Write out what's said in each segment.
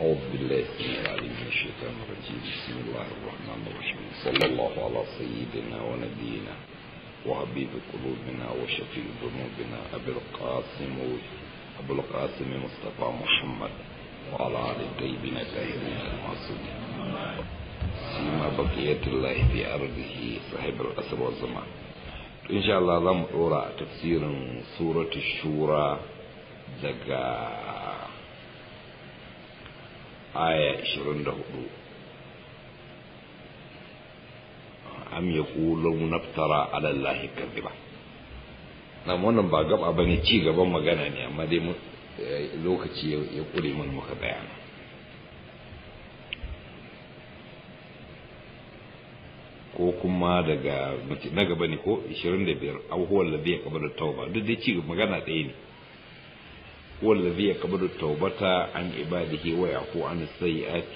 أعوذ بالله من العليم من الشيطان الرجيم بسم الله الرحمن الرحيم صلى الله على سيدنا ونبينا وحبيب قلوبنا وشفيع ذنوبنا أبي القاسم أبو القاسم مصطفى محمد وعلى آل طيبين الطاهرين المعصومين سيما بقية الله في أرضه صاحب الأسر والزمان إن شاء الله لم أرى تفسير سورة الشورى دقا aya 24 am ya ku yaqulun naftara ala allahi kadhiba nan wannan ba gaba bane ci gaban magana ne amma dai lokaci ya kure mun muka bayana ko kuma daga na gaba ne ko 25 abubuwan da zai kabar tauba duk dai ci magana ɗaya ne ya da هو الذي يقبل التوبة عن عباده ويعفو عن السيئات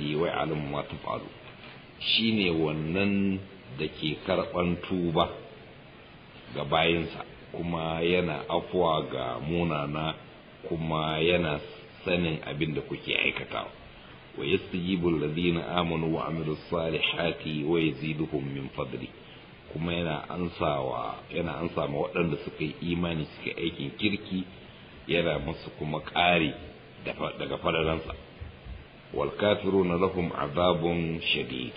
shi ne تفعل da ke دكي كربان ga gabayinsa kuma yana afuwa ga munana kuma yana sanin abin da kuke aikatawa wa yastajibu alladhina amanu wa amilus salihati wa yaziduhum min fadli kuma yana ansawa yana waɗanda suka yi imani suka aikin kirki yana musu kuma ƙari daga fararansa wal na lahum azabun shadid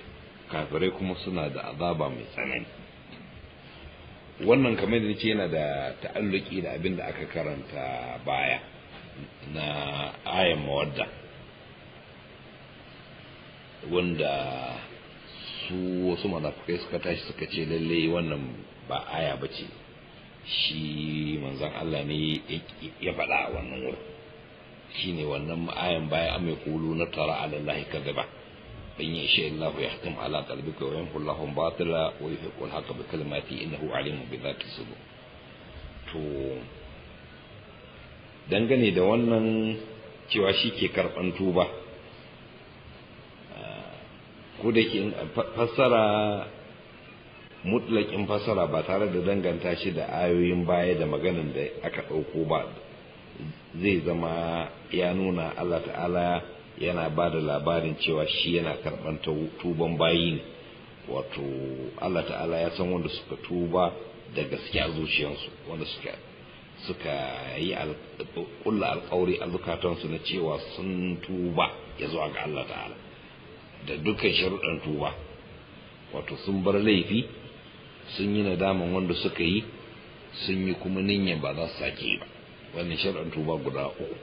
kafirai kuma suna da azaba mai tsanani wannan kamar da nake yana da ta'alluki da abin da aka karanta baya na ayan mawadda wanda su wasu munafukai suka tashi suka ce lallai wannan ba aya bace shi manzan Allah ne ya faɗa a wannan wurin shi ne wannan ma'ayan bayan amai kulu na tara alallahi kadaba in yi ishe Allah ya hakim ala kalbi wa yanku batala batila wa yi haƙul haka bi kalmati hu alimu bi za ta to dangane da wannan cewa shi ke karɓan tuba ko da ke fassara mutlakin fasara ba tare da danganta shi da ayoyin baya da maganan da aka ɗauko ba zai zama ya nuna Allah ta'ala yana ba da labarin cewa shi yana karɓar tuban bayi ne wato Allah ta'ala ya san wanda suka tuba da gaskiya zuciyarsu wanda suka suka yi kulla alkawari a zukatansu na cewa sun tuba ya zuwa ga Allah ta'ala da dukkan sharuɗan tuba wato sun bar laifi sun yi nadaman wanda suka yi sun yi kuma ninya ba za su sake ba wannan shar'an tuba guda uku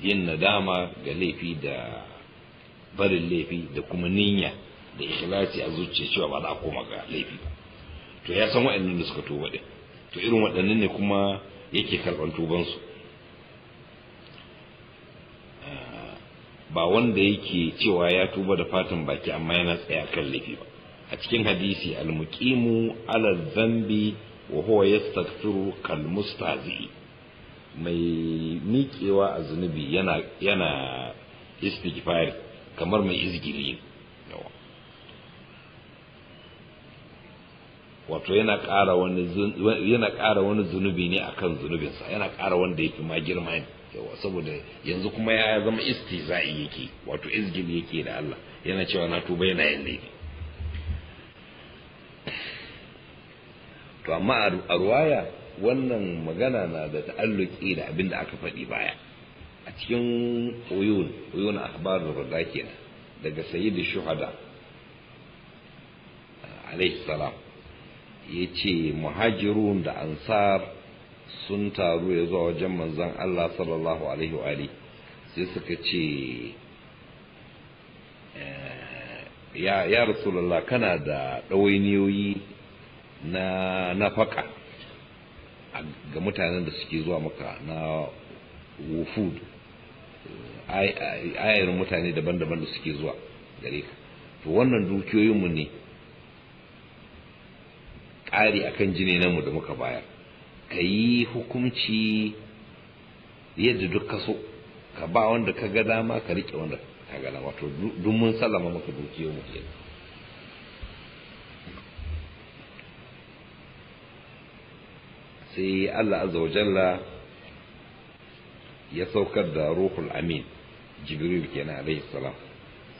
yin nadama ga laifi da barin laifi da kuma niyya da ikhlasi a zuciya cewa ba za a koma ga laifi ba to ya san waɗannan da suka tuba ɗin to irin waɗannan ne kuma yake karɓar tubansu ba wanda yake cewa ya tuba da fatan baki amma yana tsaya kan laifi ba a cikin hadisi almuqimu ala zambi wa huwa yastaghfiru kal mustazi mai miƙewa a zunubi yana yana istighfar kamar mai izgiri wato yana ƙara wani yana ƙara wani zunubi ne akan zunubinsa yana ƙara wanda yake ma girma ne yawa saboda yanzu kuma ya zama istizai yake wato izgili yake da Allah yana cewa na tuba yana yin laifi to amma a ruwaya wannan magana na da ta'alluki da abin da aka faɗi baya a cikin uyun uyun ahbar rida kenan daga Sayyidi shuhada alaihi salam yace muhajirun da ansar sun taru ya zuwa wajen manzon Allah sallallahu alaihi wa alihi sai suka ce eh, ya rasulullah kana da ɗawainiyoyi na nafaka ga mutanen da suke zuwa maka na wufud ayarin mutane daban-daban da suke zuwa gare ka to wannan dukiyoyinmu ne ƙari akan kan jini namu da muka bayar ka yi hukunci yadda duk ka so ka ba wanda ka ga dama ka riƙe wanda ka ga dama to duk mun sallama maka dukiyoyinmu kenan sai Allah azza wajalla ya saukar da ruhul amin jibril kenan alaihi salam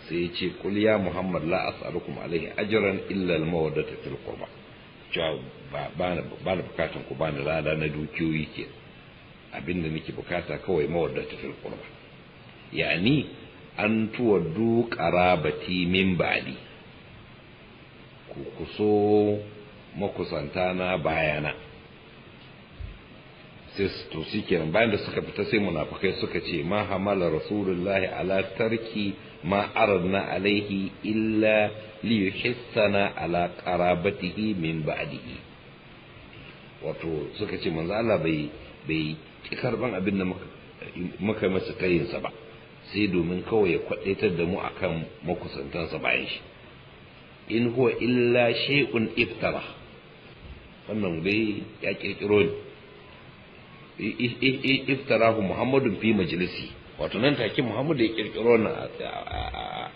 sai ya ce kul ya muhammad la as'alukum alaihi ajran illa al mawaddata fil qurba cewa ba na bukatan ku ba na lada na dukiyoyi ke abinda nake bukata kawai mawaddata fil qurba yani an tuwa du qarabati min ba'di ku kuso makusanta na bayana sai to bayan da suka fita sai munafikai suka ce ma hamala rasulullahi ala tarki ma aradna alaihi illa li yuhissana ala qarabatihi min ba'dihi wato suka ce manzo Allah bai bai ki karban abin da muka masa kayinsa ba sai domin kawai ya kwadaitar da mu akan makusantansa bayan shi in huwa illa shay'un iftara wannan dai ya kirkiro iftarahu muhammadun fi majalisi wato nan take muhammadu ya kirkiro na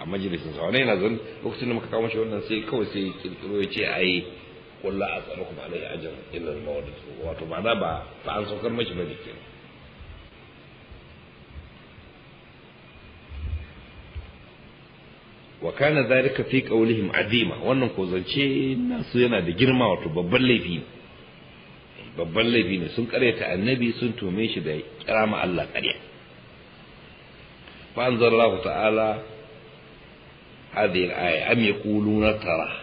a majalisin sa wannan yana zan lokacin da muka kawo shi wannan sai kawai sai kirkiro ya ce ai kullu asalukum alaihi ajran illa al-mawdud wato ba da ba ba an saukar mashi ba dake wa kana zalika fi qawlihim adima wannan ko zance nasu yana da girma wato babban laifi ne babban laifi ne sun karyata annabi sun tume shi da kira Allah karya fa anzalallahu ta'ala hadhihi al-aya am yaquluna tara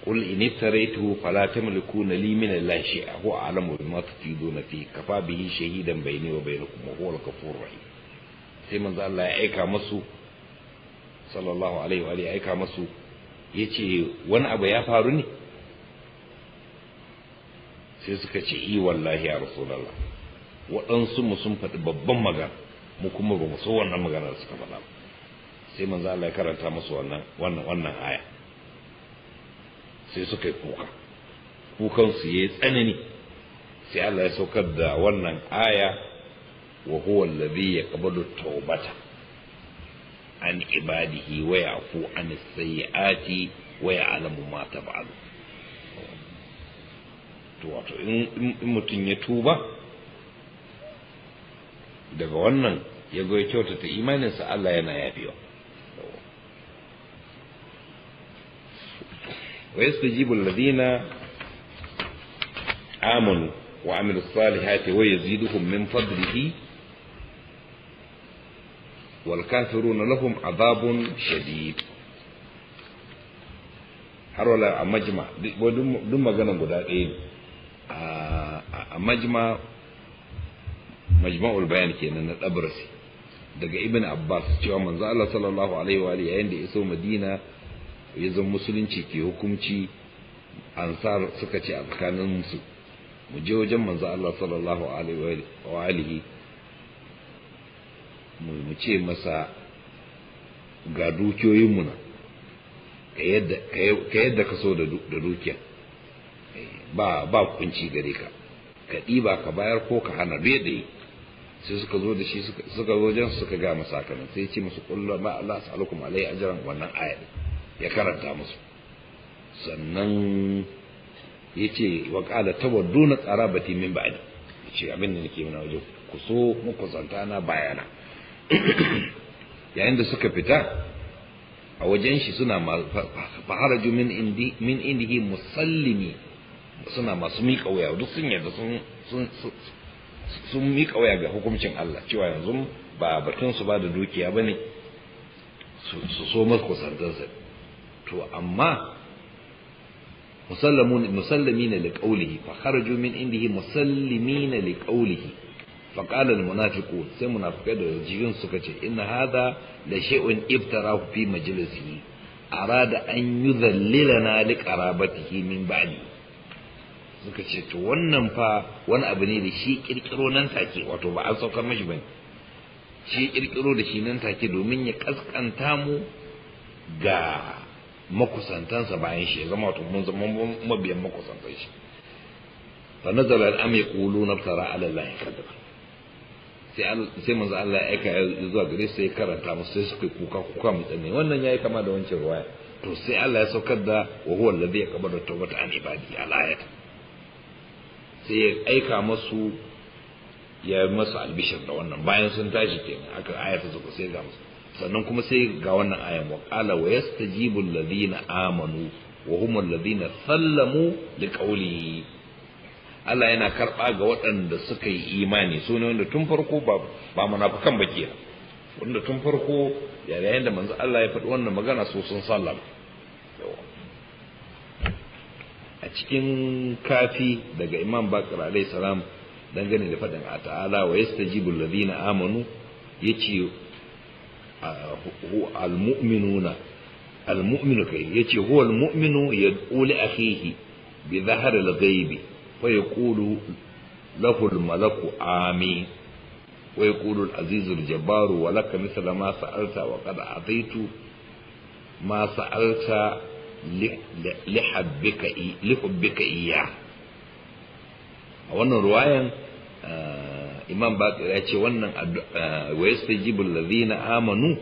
قل إن افتريته فلا تملكون لي من الله شيئا هو أعلم بما تفيدون فيه كفى به شهيدا بيني وبينكم وهو الغفور الرحيم sai manzo Allah ya aika masu sallallahu alaihi wa aika masu yace wani abu ya faru ne sai suka ce i wallahi ya rasulallah waɗansu mu sun faɗi babban magana mu kuma ba mu so wannan magana da suka faɗa ba sai manzo Allah ya karanta musu wannan aya sai suka yi kuka kukan su yayi tsanani sai Allah ya saukar da wannan aya wa huwa alladhi yaqbalu tawbata an ibadihi wa yafu an sayyiati wa ya'lamu ma tab'alun to wato in mutum ya tuba daga wannan ya zo ya kyautata imaninsa Allah yana yafewa wa jibu ladina amanu wa amilu salihati wa yaziduhum min fadlihi wal kafiruna lahum adhabun shadid har wala a majma duk maganan guda ɗaya ne a majma majma'ul bayan kenan na dabrasi daga ibn abbas cewa manzo Allah sallallahu alaihi wa yayin da iso madina ya zan musulunci ke hukunci ansar suka ce a tsakanin su mu je wajen manzo Allah sallallahu alaihi wa alihi mu ce masa ga dukiyoyin mu na ka yadda ka so da dukiya ba ba kunci gare ka ka ɗiba ka bayar ko ka hana bai da yi sai suka zo da shi suka zo wajen suka ga masa Sai sai ce musu kullu ma Allah sa'alukum alai ajran wannan aya ya karanta musu sannan yace wa qala tawadduna qarabati min ba'di yace abin da nake muna wajen ku so muku zantana bayana yayin da suka fita a wajen shi suna fahara min indi min indihi musallimi suna masu miƙa waya duk sun yarda sun sun miƙa waya ga hukuncin Allah cewa yanzu ba batun su ba da dukiya ba ne su so masu kusantarsa to amma na liqaulihi fa kharaju min indihi musallimina liqaulihi fa qala al munafiqu sai munafikai da jibin suka ce inna hadha la shay'un iftarahu fi majlisihi arada an yudhallilana liqarabatihi min ba'di suka ce to wannan fa wani abu ne da shi kirkiro nan take wato ba an saukar mashi bane shi kirkiro da shi nan take domin ya kaskanta mu ga makusantansa bayan shi ya zama wato mun zama mabiyan makusantan shi fa nazala al-am yaquluna tara ala allahi kadaba sai sai manzo Allah ya aika zuwa gare sai karanta musu sai suka kuka kuka mu tsanne wannan yayi kama da wancan ruwaya to sai Allah ya saukar da wa huwa alladhi yaqbalu tawbata an ibadi al-ayat sai ya aika masu ya masu albishir da wannan bayan sun tashi kenan aka aya ta zuku sai ga musu sannan kuma sai ga wannan ayan wa qala wa yastajibu alladhina amanu wa hum alladhina sallamu liqawlihi Allah yana karba ga waɗanda suka yi imani su ne wanda tun farko ba ba munafikan ba wanda tun farko yayin da manzo Allah ya faɗi wannan magana su sun sallama a cikin kafi daga imam bakar alaihi salam dangane da faɗin a ta'ala wa yastajibu alladhina amanu ya ce almu'minu kai ce huwa almu'minu yad'u a fihi bi zahar al-ghaibi fa yaqulu lahu al-malaku ami wa yaqulu al-azizu al-jabbaru wa laka mithla ma sa'alta wa qad atitu ma sa'alta lihubbika iya a wannan ruwayan ah, imam bakir ya ce wannan ah, wa yastajibu amanu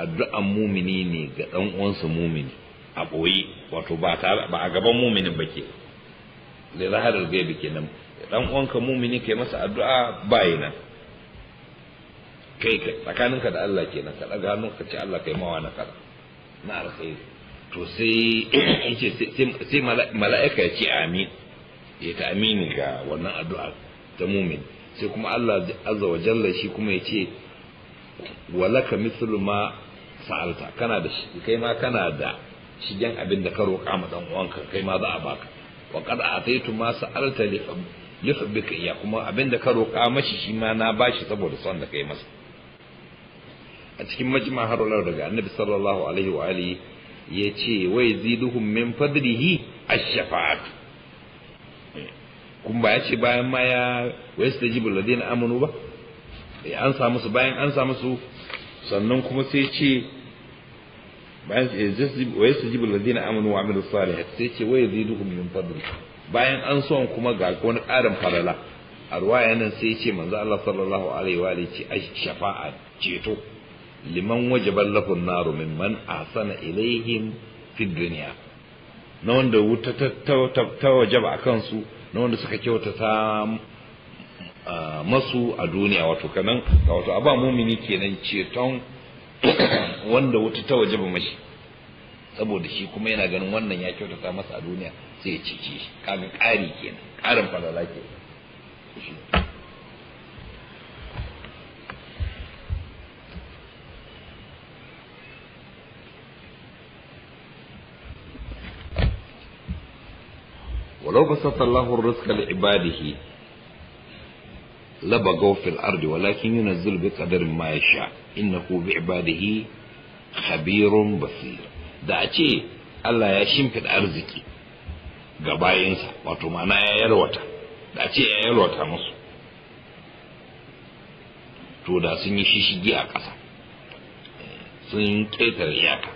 addu'an mumini ne ga dan uwansa mumini a boye wato ba ba a gaban muminin ba ke da zaharar gaibi kenan dan uwanka mumini kai masa addu'a bayina kai tsakaninka da Allah kenan ka daga hannu ka ce Allah kai mawa na kaza na alkhairi to sai yace sai mala'ika ya ce amin ya ta amini ga wannan addu'a ta mumin sai kuma Allah azza wa jalla shi kuma ya ce walaka mithlu ma sa'alta kana da shi kai ma kana da shigen abin da ka roƙa ma dan uwanka kai ma za a baka wa qad ataitu ma sa'alta li yuhibbika ya kuma abin da ka roƙa mashi shi ma na bashi saboda son da kai masa a cikin majma harular daga annabi sallallahu alaihi wa alihi ya ce wai ziduhum min fadlihi ash-shafa'atu kun ba ya ce bayan ma ya wayastajibu ladina amanu ba eh, an samu su bayan an samu su sannan kuma sai ce bayan su eh, wayastajibu ladina amanu wa amilu salihat sai ce wai ziduhum min fadli bayan an son kuma ga wani ƙarin falala a ruwaya nan sai ce manzo Allah sallallahu alaihi wa alihi ce ash shafa'a ceto liman wajaban lahun naru man asana ilaihim fi duniya na wanda wuta ta wajaba a kansu na wanda suka kyautata masu a duniya wato kanan wato aba mumini kenan ceton wanda wuta ta wajaba mashi saboda shi kuma yana ganin wannan ya kyautata masa a duniya sai ya cece shi kamin ƙari kenan ƙarin falala kenan ولو بسط الله الرزق لعباده لبغوا في الأرض ولكن ينزل بقدر ما يشاء إنه بعباده خبير بصير da a ce Allah ya shimfiɗa arziki ga bayinsa, wato mana ya yalwata da a ce ya yalwata musu to da sun yi shishigi a ƙasa sun ƙetare iyaka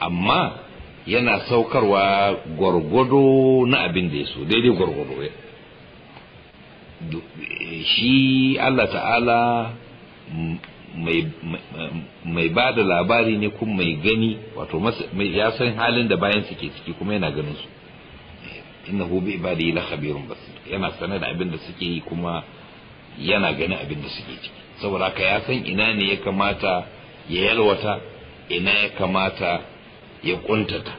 amma yana saukarwa gwargwado na abin da ya so daidai gwargwado shi Allah ta'ala mai ba da labari ne kuma mai gani wato ya san halin da bayan suke ciki kuma yana ganin su inna hu bi ibadi la khabirun bas yana sanar da abin da suke yi kuma yana ganin abin da suke ciki saboda haka ya san ina ne ya kamata ya yalwata ina ya kamata ya kuntata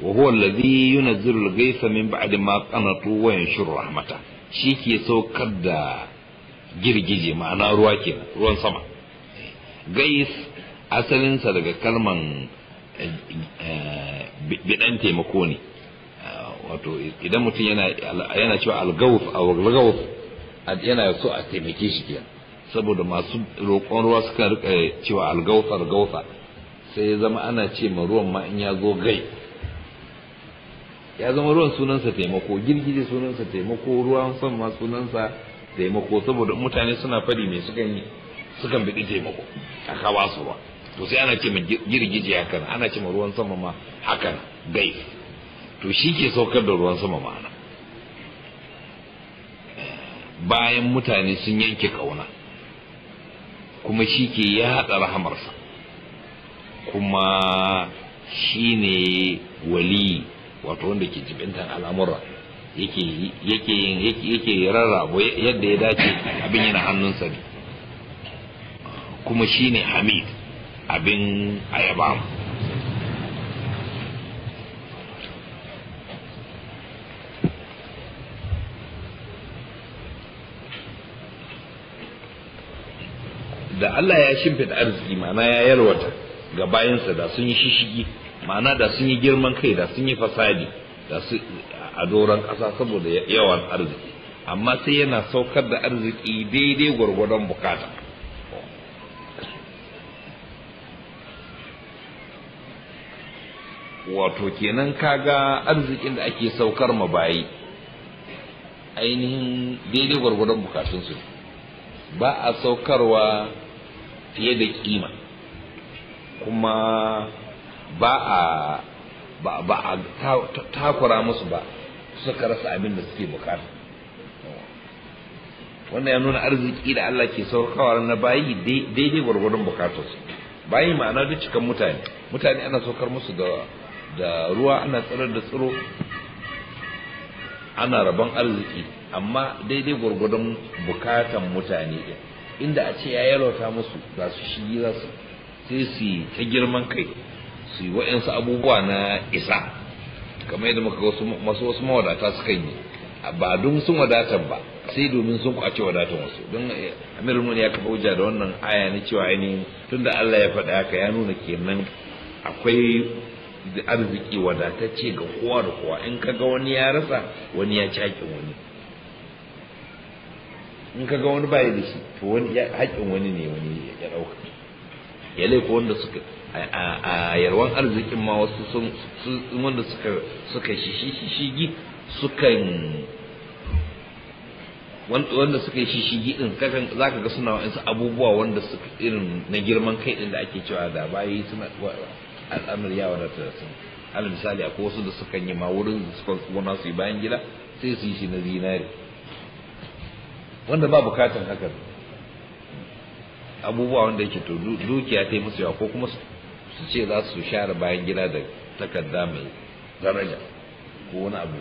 wa huwa alladhi yunzilu al-ghaytha min ba'di ma qanatu wa yanshuru rahmata shi ke saukar da girgije ma'ana ruwa ke ruwan sama gais asalinsa daga kalman eh, eh, bidan taimako ne wato idan mutum yana cewa algawuf a yana so a taimake shi kenan saboda masu roƙon ruwa suka rika cewa algautar gauta sai ya zama ana ce ma ruwan ma in ya zo gai ya zama ruwan sunansa taimako girgije sunansa taimako ruwan san ma sunansa taimako saboda mutane suna fari mai sukan yi sukan bi taimako a kawo su ruwa to sai ana ce ma girgije hakan ana ce ma ruwan sama ma hakan gai to shi ke saukar da ruwan sama ma'ana bayan mutane sun yanke kauna kuma shi ke yaɗa rahamarsa kuma shi ne wali wato wanda ke jibintan al'amura yake yake rarrabo yadda ya dace abin yana hannunsa ne kuma shi ne hamid abin ayaba Allah ya shimfida arziki ma'ana ya yalwata ga bayansa da sun yi shishigi ma'ana da sun yi girman kai da sun yi fasadi da su a doron ƙasa saboda yawan arziki amma sai yana saukar da arziki daidai gwargwadon bukata wato kenan kaga arzikin da ake saukar ma bayi ainihin daidai gwargwadon bukatunsu ba a saukarwa fiye da kima kuma ba a ba a takura musu ba suka rasa abin da suke bukata wannan ya nuna arziki da Allah ke saukawa na bayi daidai gwargwadon bukatarsu bayi ma'ana duk cikan mutane mutane ana saukar musu da da ruwa ana tsirar da tsiro ana rabon arziki amma daidai gwargwadon bukatan mutane din inda a ce ya yalwata musu za su shi za su sai su yi ta girman kai su yi wa'insu abubuwa na isa kamar yadda muka wasu wasu mawadata suka yi ba don sun wadatar ba sai domin sun kwace wadatar wasu don eh, amirul ya kafa hujja da wannan aya na cewa ainihin da Allah ya faɗa haka ya nuna kenan akwai arziki wadatacce ga kowa da kowa in ka ga wani ya rasa wani ya cakin wani in ka ga wani baya da shi to wani ya haƙƙin wani ne wani ya ɗauka ya laifa wanda suka a yarwan arzikin ma wasu sun wanda suka suka shishigi sukan wanda suka shishigi din kakan zaka ga suna wasu abubuwa wanda suka irin na girman kai din da ake cewa da bayi suna al'amur ya wadata da sun alal misali akwai wasu da sukan yi ma wurin da suka gona su yi bayan gida sai su yi shi na zinari wanda ba bukatan hakan abubuwa wanda yake to dukiya ta yi musu yawa ko kuma su ce za su share bayan gida da takarda mai daraja ko wani abu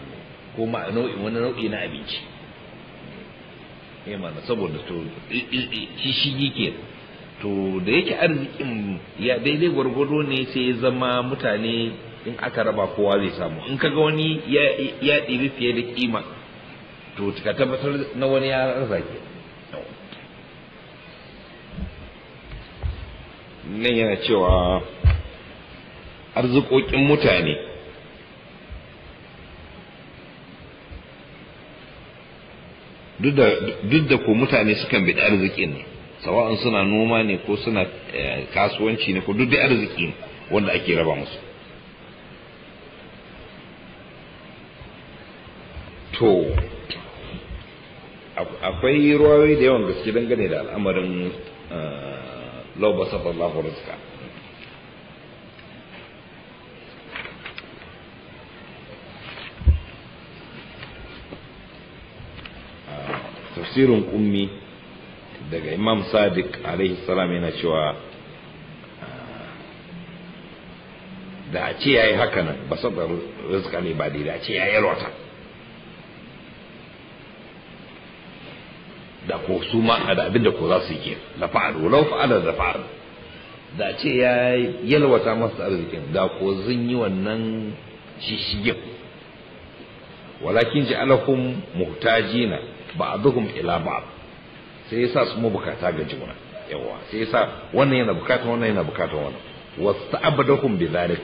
ko wani nau'i na abinci eh mana saboda to shi shi ke to da yake arzikin ya daidai gwargwado ne sai ya zama mutane in aka raba kowa zai samu in kaga wani ya ɗibi fiye da kima to ka tabbatar na wani ya rasa ke nan yana cewa arzikokin mutane duk da ko mutane sukan bi arzikin ne sawa'an suna noma ne ko suna eh, kasuwanci ne ko duk da arziki ne wanda ake raba musu to akwai ruwayoyi da yawan gaske dangane da al'amarin eh, lauba sallallahu rizqa ah, tafsirin ummi daga imam sadiq alaihi salam yana cewa ah, da a ce ya yi haka nan ba ne ba da a ce ya yi rota ko su ma a abin da ko za su yi na fa'alu law fa'ala da fa'alu da ce ya yalwata masa arzikin da ko zun yi wannan shishigin walakin ja'alahum muhtajina duhun ila ba'd sai yasa su mu bukata ga juna yawa sai yasa wannan yana bukata wannan yana bukata wannan wasta'abadahum bidhalik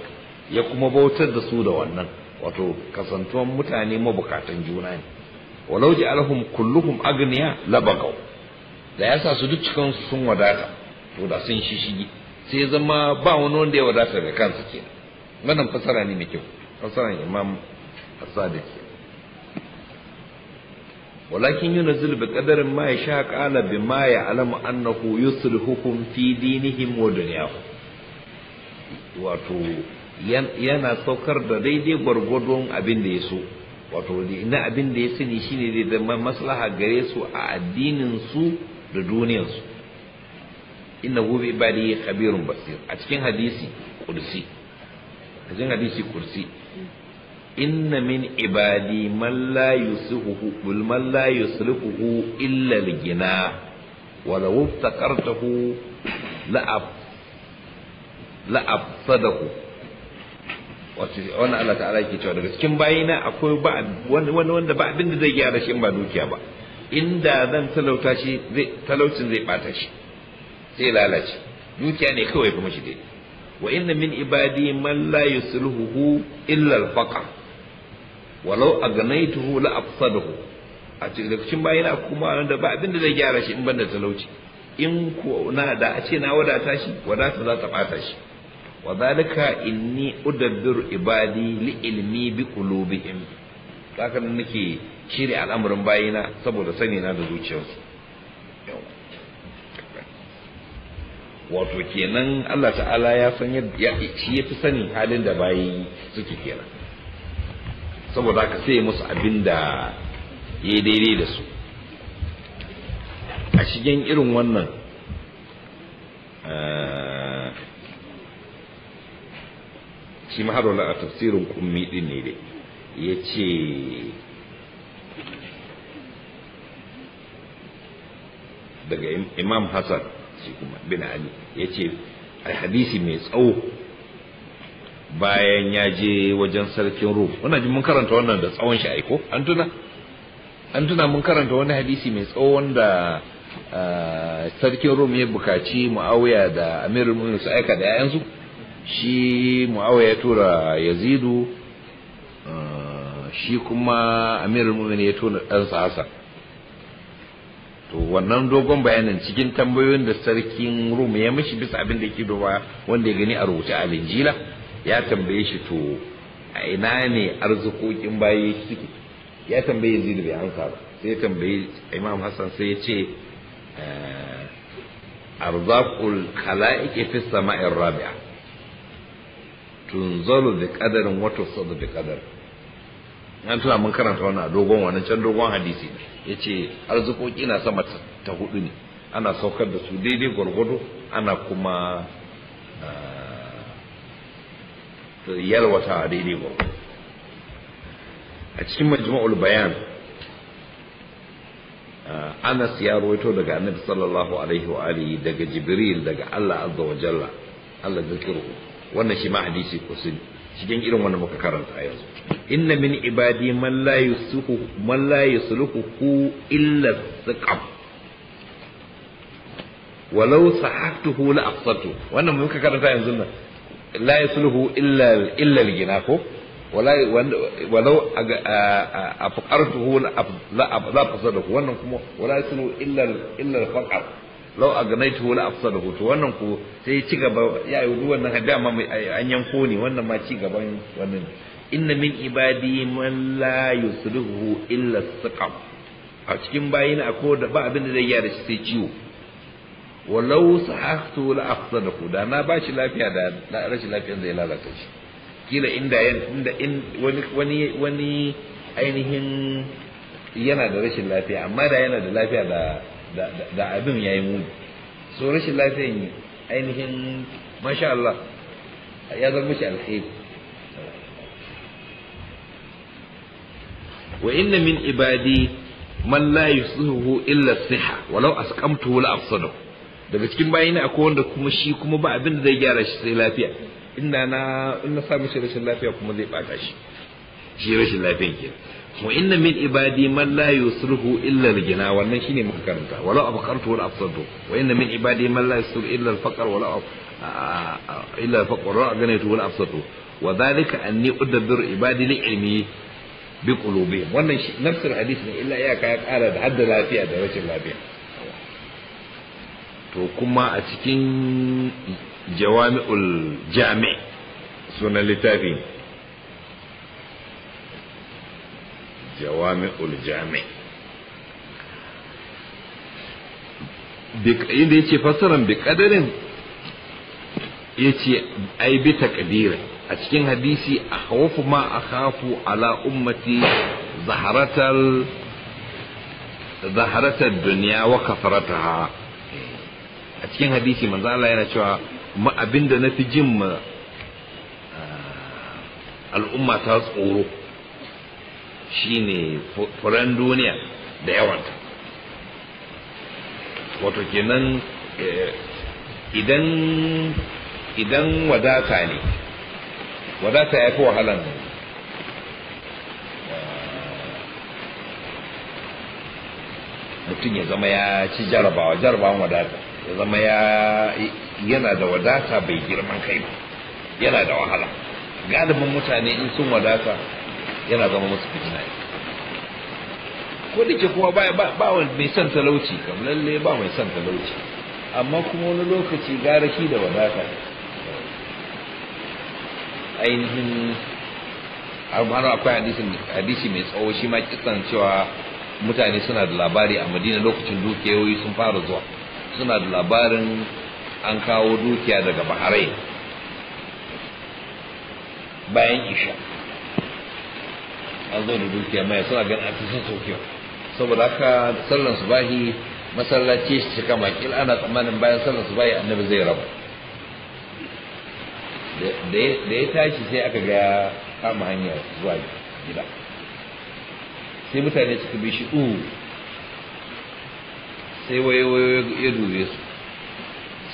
ya kuma bautar da su da wannan wato kasantuwan mutane mabukatan juna ne walau ja'alhum kulluhum agniya labagaw da yasa su duk cikin sun wadata to da sun shishigi sai ya zama ba wani wanda ya wadata da kansa ke wannan fasara ne mai kyau ne imam as-sadiq ولكن ينزل بقدر ما يشاء قال بما annahu أنه fi dinihim wa ودنياهم wato yana saukar da daidai gwargwadon abin da ya so wato na abin da ya sani shine da zama maslaha gare su a addinin su da duniyar su inna hu bi ibadihi khabirun basir a cikin hadisi kursi a cikin hadisi kursi inna min ibadi man la yusihuhu man la yuslihuhu illa al-gina wa law la afsadahu wato wannan Allah ta'ala yake cewa daga cikin bayina akwai ba wani wanda ba abin da zai gyara shi in ba dukiya ba inda zan talauta shi zai talaucin zai bata shi sai lalace dukiya ne kawai kuma shi dai wa inna min ibadi man la yusluhu illa al-faqr walau aghnaytuhu la afsadahu a cikin daga cikin bayina kuma wanda ba abin da zai gyara shi in ban da talauci in ko na da a ce na wadata shi wadata za ta bata shi Wazalika zalika inni udaddiru ibadi li ilmi bi qulubihim nake kire al'amarin bayina saboda sani na da zuciyarsu wato kenan Allah ta'ala ya san yadda shi ya fi sani halin da bayi suke kenan saboda haka sai musu abin da ya daidai da su a cikin irin wannan shi maharula a tafsirin kummi din ne dai ya ce daga imam hassan shi kuma bin ali ya ce a hadisi mai tsawo bayan ya je wajen sarkin rum wannan jin mun karanta wannan da tsawon shi aiko an tuna an tuna mun karanta wani hadisi mai tsawo wanda ah, sarkin rum ya bukaci muawiya da amirul mu'minin su aika da 'ya'yansu shi Mu'awai ya tura yazidu uh, shi kuma amirul mu'minin ya tura ɗansa hasan to wannan dogon bayanin cikin tambayoyin da sarkin rum ya mishi bisa abin da yake dubawa wanda ya gani a rubuce a linjila ya tambaye shi to a ina ne arzikokin baye suke ya tambaye Yazidu bai amsa ba sai ya tambaye imam hassan sai ya ce eh, arzakul kala'ike fi sama'in rabi'a tunzalu bi qadarin wa tusadu bi qadar an tuna mun karanta wannan a dogon wannan can dogon hadisi yace arzikoki na sama ta hudu ne ana saukar da su daidai gwargwado ana kuma ah, yalwata a daidai gwargwado a cikin majmu'ul bayan ah, Anas ya rawaito daga Annabi sallallahu alaihi wa alihi daga Jibril daga Allah azza wa jalla Allah zikiru wannan shi ma hadisi ko sun cikin irin wannan muka karanta a yanzu inna min ibadi man la yusuhu man la yusluhu illa thiqab walau sahatuhu la afsatu wannan muka karanta yanzu nan la yusluhu illa illa al-gina ko ولو أفقرته لأفسده وأنكم ولا يصلوا إلا إلا الفقر law agnaitu wala afsaduhu to wannan ko sai ci gaba ya yi ruwan nan dama mai an yanko ne wannan ma ci gaban wannan inna min ibadi man la yusrihu illa saqam a cikin bayina akwai da ba abin da zai gyara shi sai ciwo walau sahahtu la afsadahu da na bashi lafiya da rashin lafiyan zai lalata shi kila inda inda in wani wani wani ainihin yana da rashin lafiya amma da yana da lafiya da da abin ya yi muni so rashin lafiyan ainihin masha Allah ya zama shi alheri wa inna min ibadi man la yusuhu illa siha walau asqamtuhu la afsadu daga cikin bayina akwai wanda kuma shi kuma ba abin da zai gyara shi sai lafiya inda na in na samu shi rashin lafiya kuma zai bata shi shi rashin lafiyan ke wa inna min ibadi man la yusrihu illa al-ghina wannan shine muka karanta wala abqartu wala afsadu wa inna min ibadi man la yusrihu illa al-faqr wala illa al-faqr wala aghnaytu wala afsadu wa dhalika anni udabbiru ibadi li ilmi bi qulubihim wannan nafsul hadith ne illa ya ka kara da hadda lafiya da rashin lafiya to kuma a cikin jawami'ul jami' sunan littafin jawami'ul jami' inda yace fassaran bi kadarin yace ai bi takdirin a cikin hadisi akhwafu ma akhafu ala ummati zaharatal zaharatar duniya wa kafarataha a cikin hadisi manzo Allah yana cewa ma abinda fi jin ma ah, al'umma ta tsoro shine furen duniya da yawanta wato kenan eh, idan idan wadata ne wadata ya fi wahalan eh, mutum ya zama ya ci jarabawa jarabawan wadata ya zama ya yana da wadata bai girman kai ba yana da wahala galibin mutane in sun wadata yana zama masu fitina ko da ke kuma ba mai son talauci kam lalle ba mai son talauci amma kuma wani lokaci gara shi da wadata ainihin amma akwai hadisi mai tsawo shi ma kisan cewa mutane suna da labari a madina lokacin dukiyoyi sun fara zuwa suna da labarin an kawo dukiya daga baharai bayan isha an zo da dukiya mai suna ganin ake sun sokewa saboda haka sallan subahi masallaci shi cika makil ana tsammanin bayan sallan subahi annabi zai raba da ya tashi sai aka ga kama hanya zuwa gida sai mutane suka bi shi uwu sai waye waye ya dube su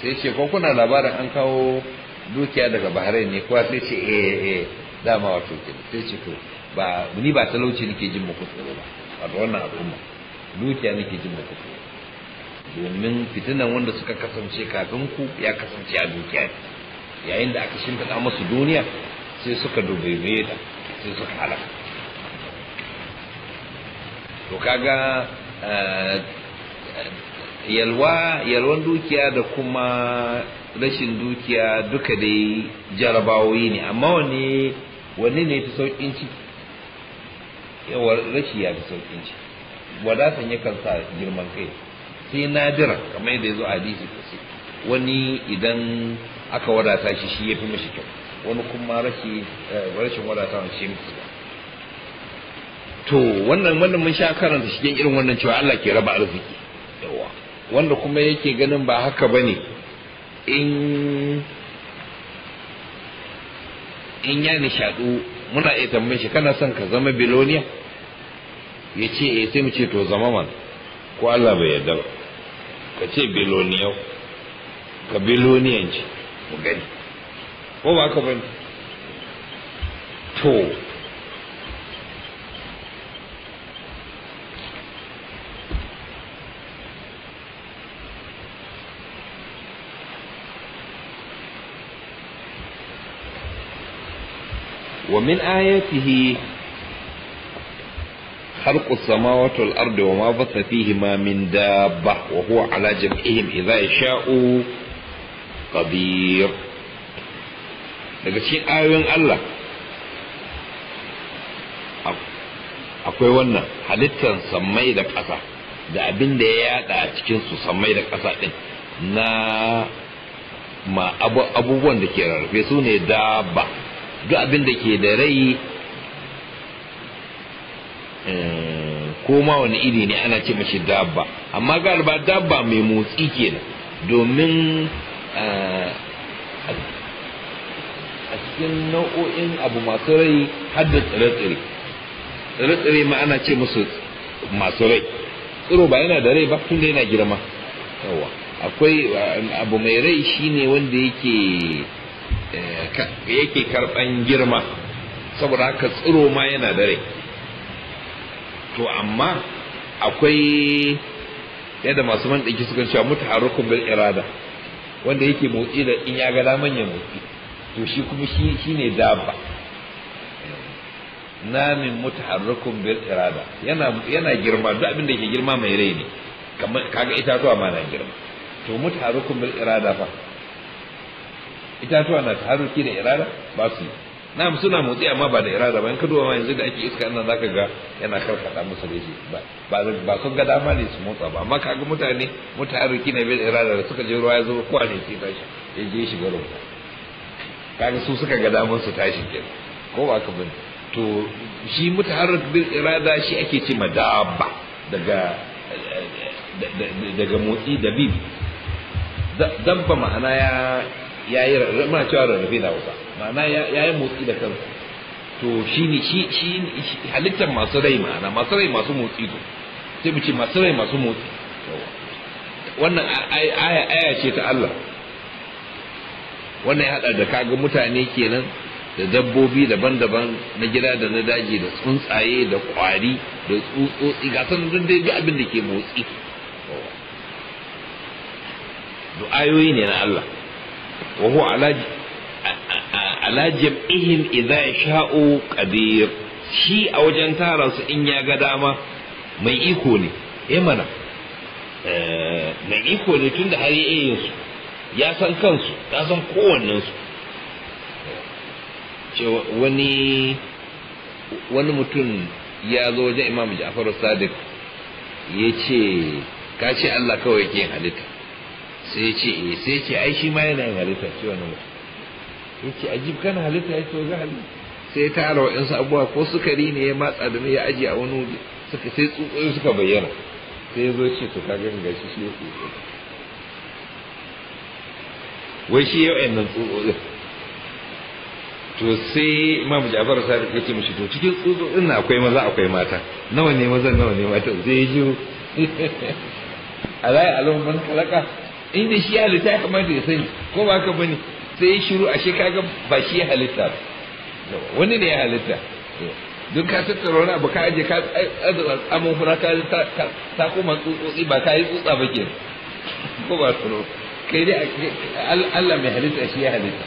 sai ce ko kuna labarin an kawo dukiya daga bahrain ne kuwa sai ce eh eh, eh dama wato ke sai ce to ba ni ba talauci nake jin muku tsoro ba wannan al'umma dukiya nake jin muku tsoro domin fitinan wanda suka kasance kafin ku ya kasance a dukiya yayin da aka shimfiɗa masu duniya sai suka dubebe ta sai suka halaka to kaga eh, yalwa yalwan dukiya da kuma rashin dukiya duka dai jarabawoyi ne amma wani wani ne ta sauƙin ciki yawa rashi ya fi saukin shi wadatan yakan sa girman kai sai nadira kamar yadda ya zo a hadisi kusa wani idan aka wadata shi shi ya fi mashi kyau wani kuma rashi eh, rashin wadata shi mutu ba to wannan wannan mun sha karanta shigen irin wannan cewa Allah ke raba arziki yawa wanda kuma yake ganin ba haka ba in in ya nishaɗu muna iya tambayin shi kana son ka zama biloniya ya ce eh sai mu ce to zama man ko Allah bai yarda ba ka ce biloniyau ka biloniyanci mu gani ko ba ka bani to ومن آياته خلق السماوات والأرض وما بث فيهما من دابة وهو على جمعهم إذا يشاء قدير daga cikin ayoyin Allah akwai wannan halittar sammai da ƙasa da abin da ya yada a cikinsu sammai da ƙasa ɗin na ma abubuwan da ke rarrafe su ne daba duk abin da ke da rai eh, ko ma wani iri ne ana ce mashi dabba amma galiba dabba mai motsi kenan domin eh, a cikin nau'o'in abu masu rai hadda tsire-tsire tsire-tsire ma ana ce musu masu rai tsiro ba yana da rai ba tun da yana girma akwai eh, abu mai rai shine wanda yake Eh, yake karban girma saboda haka tsiro ma yana da rai to amma akwai yadda masu man ɗinki sukan cewa mutu a rukun bil irada wanda yake motsi da in ya ga daman ya motsi to shi kuma shi ne dabba eh, namin rukun bil irada yana girma duk abin da ke girma mai rai ne kaga itatuwa ma na girma to mutu a rukun bil irada fa itatuwa na taharuki da irada ba su yi na suna motsi amma ba da irada ba in ka duba ma yanzu da ake iska za zaka ga yana karkada musu da shi ba ba sun ga dama ne su motsa ba amma kaga mutane mutaharriki na bil irada da suka je ruwa ya zo kwane ke tashi ya je shiga ruwa ga su suka ga damar su tashi ke ko ba ka bin to shi mutaharrik bil irada shi ake ce madabba daga eh, eh, daga motsi da bibi dabba ma'ana ya ya yi ma cewa rarrafe da hausa ma'ana ya yi motsi da kansa to shi ne shi halittar masu rai ma'ana masu rai masu motsi to sai mu ce masu rai masu motsi wannan aya aya ce ta Allah wannan ya haɗa da kaga mutane kenan da dabbobi daban-daban na gida da na daji da tsuntsaye da kwari da tsutsotsi ga sanin duk abin da ke motsi du'ayoyi ne na Allah wa huwa ala jam'ihim idza sha'u qadir shi a wajen tara su in ya ga dama mai iko ne eh mana eh, mai iko ne tunda har ya yin su ya san kansu ya san kowannen wani mutum ya zo wajen imam Jafaru Sadik ya ce ka ce Allah kawai yake halitta sai ya ce eh sai ya ce ai shi ma yana yin halitta ce wani mutum ya ce ajib kana halitta ya ce wa halitta sai ya tara wa'insu abubuwa ko sukari ne ya matsa da ne ya aji a wani wuri suka sai tsuntsaye suka bayyana sai ya zo ce to ka gani gashi shi ya tsutsu wai shi ya nan tsutsotsin to sai imam jabar sa ya ce mishi to cikin tsutsotsin na akwai maza akwai mata nawa ne maza nawa ne mata zai ji alai alon ban kalaka inda shi ya halitta ya kamata ya sani ko ba ka bane sai ya shiru ashe kaga ba shi ya halitta ba wani ne ya halitta don ka tattara wani abu ka aje ka tsamin fura ka ta koma tsutsotsi ba ka yi tsutsa ba ke ko ba tsoro kai dai Allah mai halitta shi ya halitta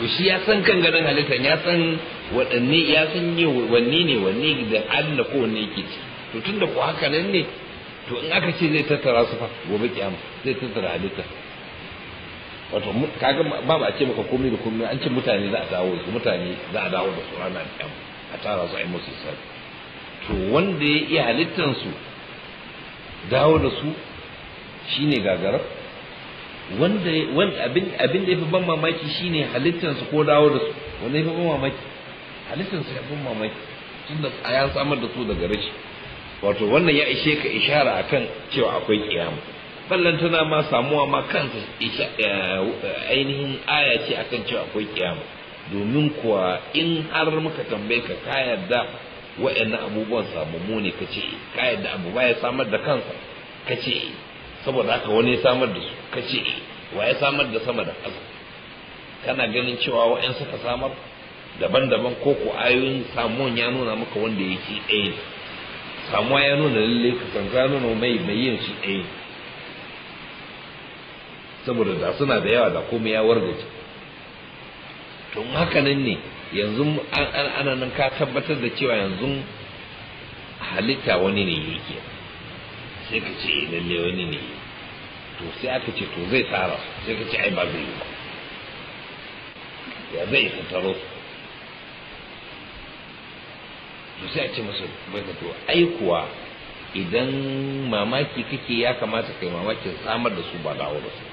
to shi ya san kan ganin halitta ya san waɗanne ya san ne wanne ne wanne da Allah ko wanne yake ci to tunda ko haka nan ne to in aka ce zai tattara su fa gobe kiyama zai tattara halitta wato kaga ba ba a ce maka komai da komai an ce mutane za a dawo su mutane za a dawo da su ranar kiyama a tara su a yi musu sabi to wanda ya iya halittan su dawo da su shine gagara wanda wanda abin abin da yafi ban mamaki shine halittan su ko dawo da su wanda yafi ban mamaki halittan su yafi ban mamaki tunda a ya samar da su daga rashi wato wannan ya ishe ka ishara akan cewa akwai kiyama ballan tana ma samuwa ma kansa eh, ainihin aya ce akan cewa akwai kiyama domin kuwa in har muka tambaye ka ka wa'in wa'annan abubuwan samu ne ka ce ka da abu ba ya samar da kansa ka ce saboda haka wani ya samar da su ka ce wa ya samar da sama da ƙasa kana ganin cewa wa'in suka samar daban-daban ko ko ayoyin samuwan ya nuna maka wanda yake ɗaya samuwa ya nuna lalle ka kanka ya nuna mai mai yin shi ɗaya eh. saboda da suna da yawa da komai ya wargaje don hakanan ne yanzu ana nan ka tabbatar da cewa yanzu halitta wani ne yake sai ka ce eh, lalle wani ne to sai aka ce to zai tsara sai ka ce ai ba zai yi ba ya zai tattaro su to sai a ce musu baka to ai kuwa idan mamaki kake ya kamata kai mamakin samar da su ba dawo da su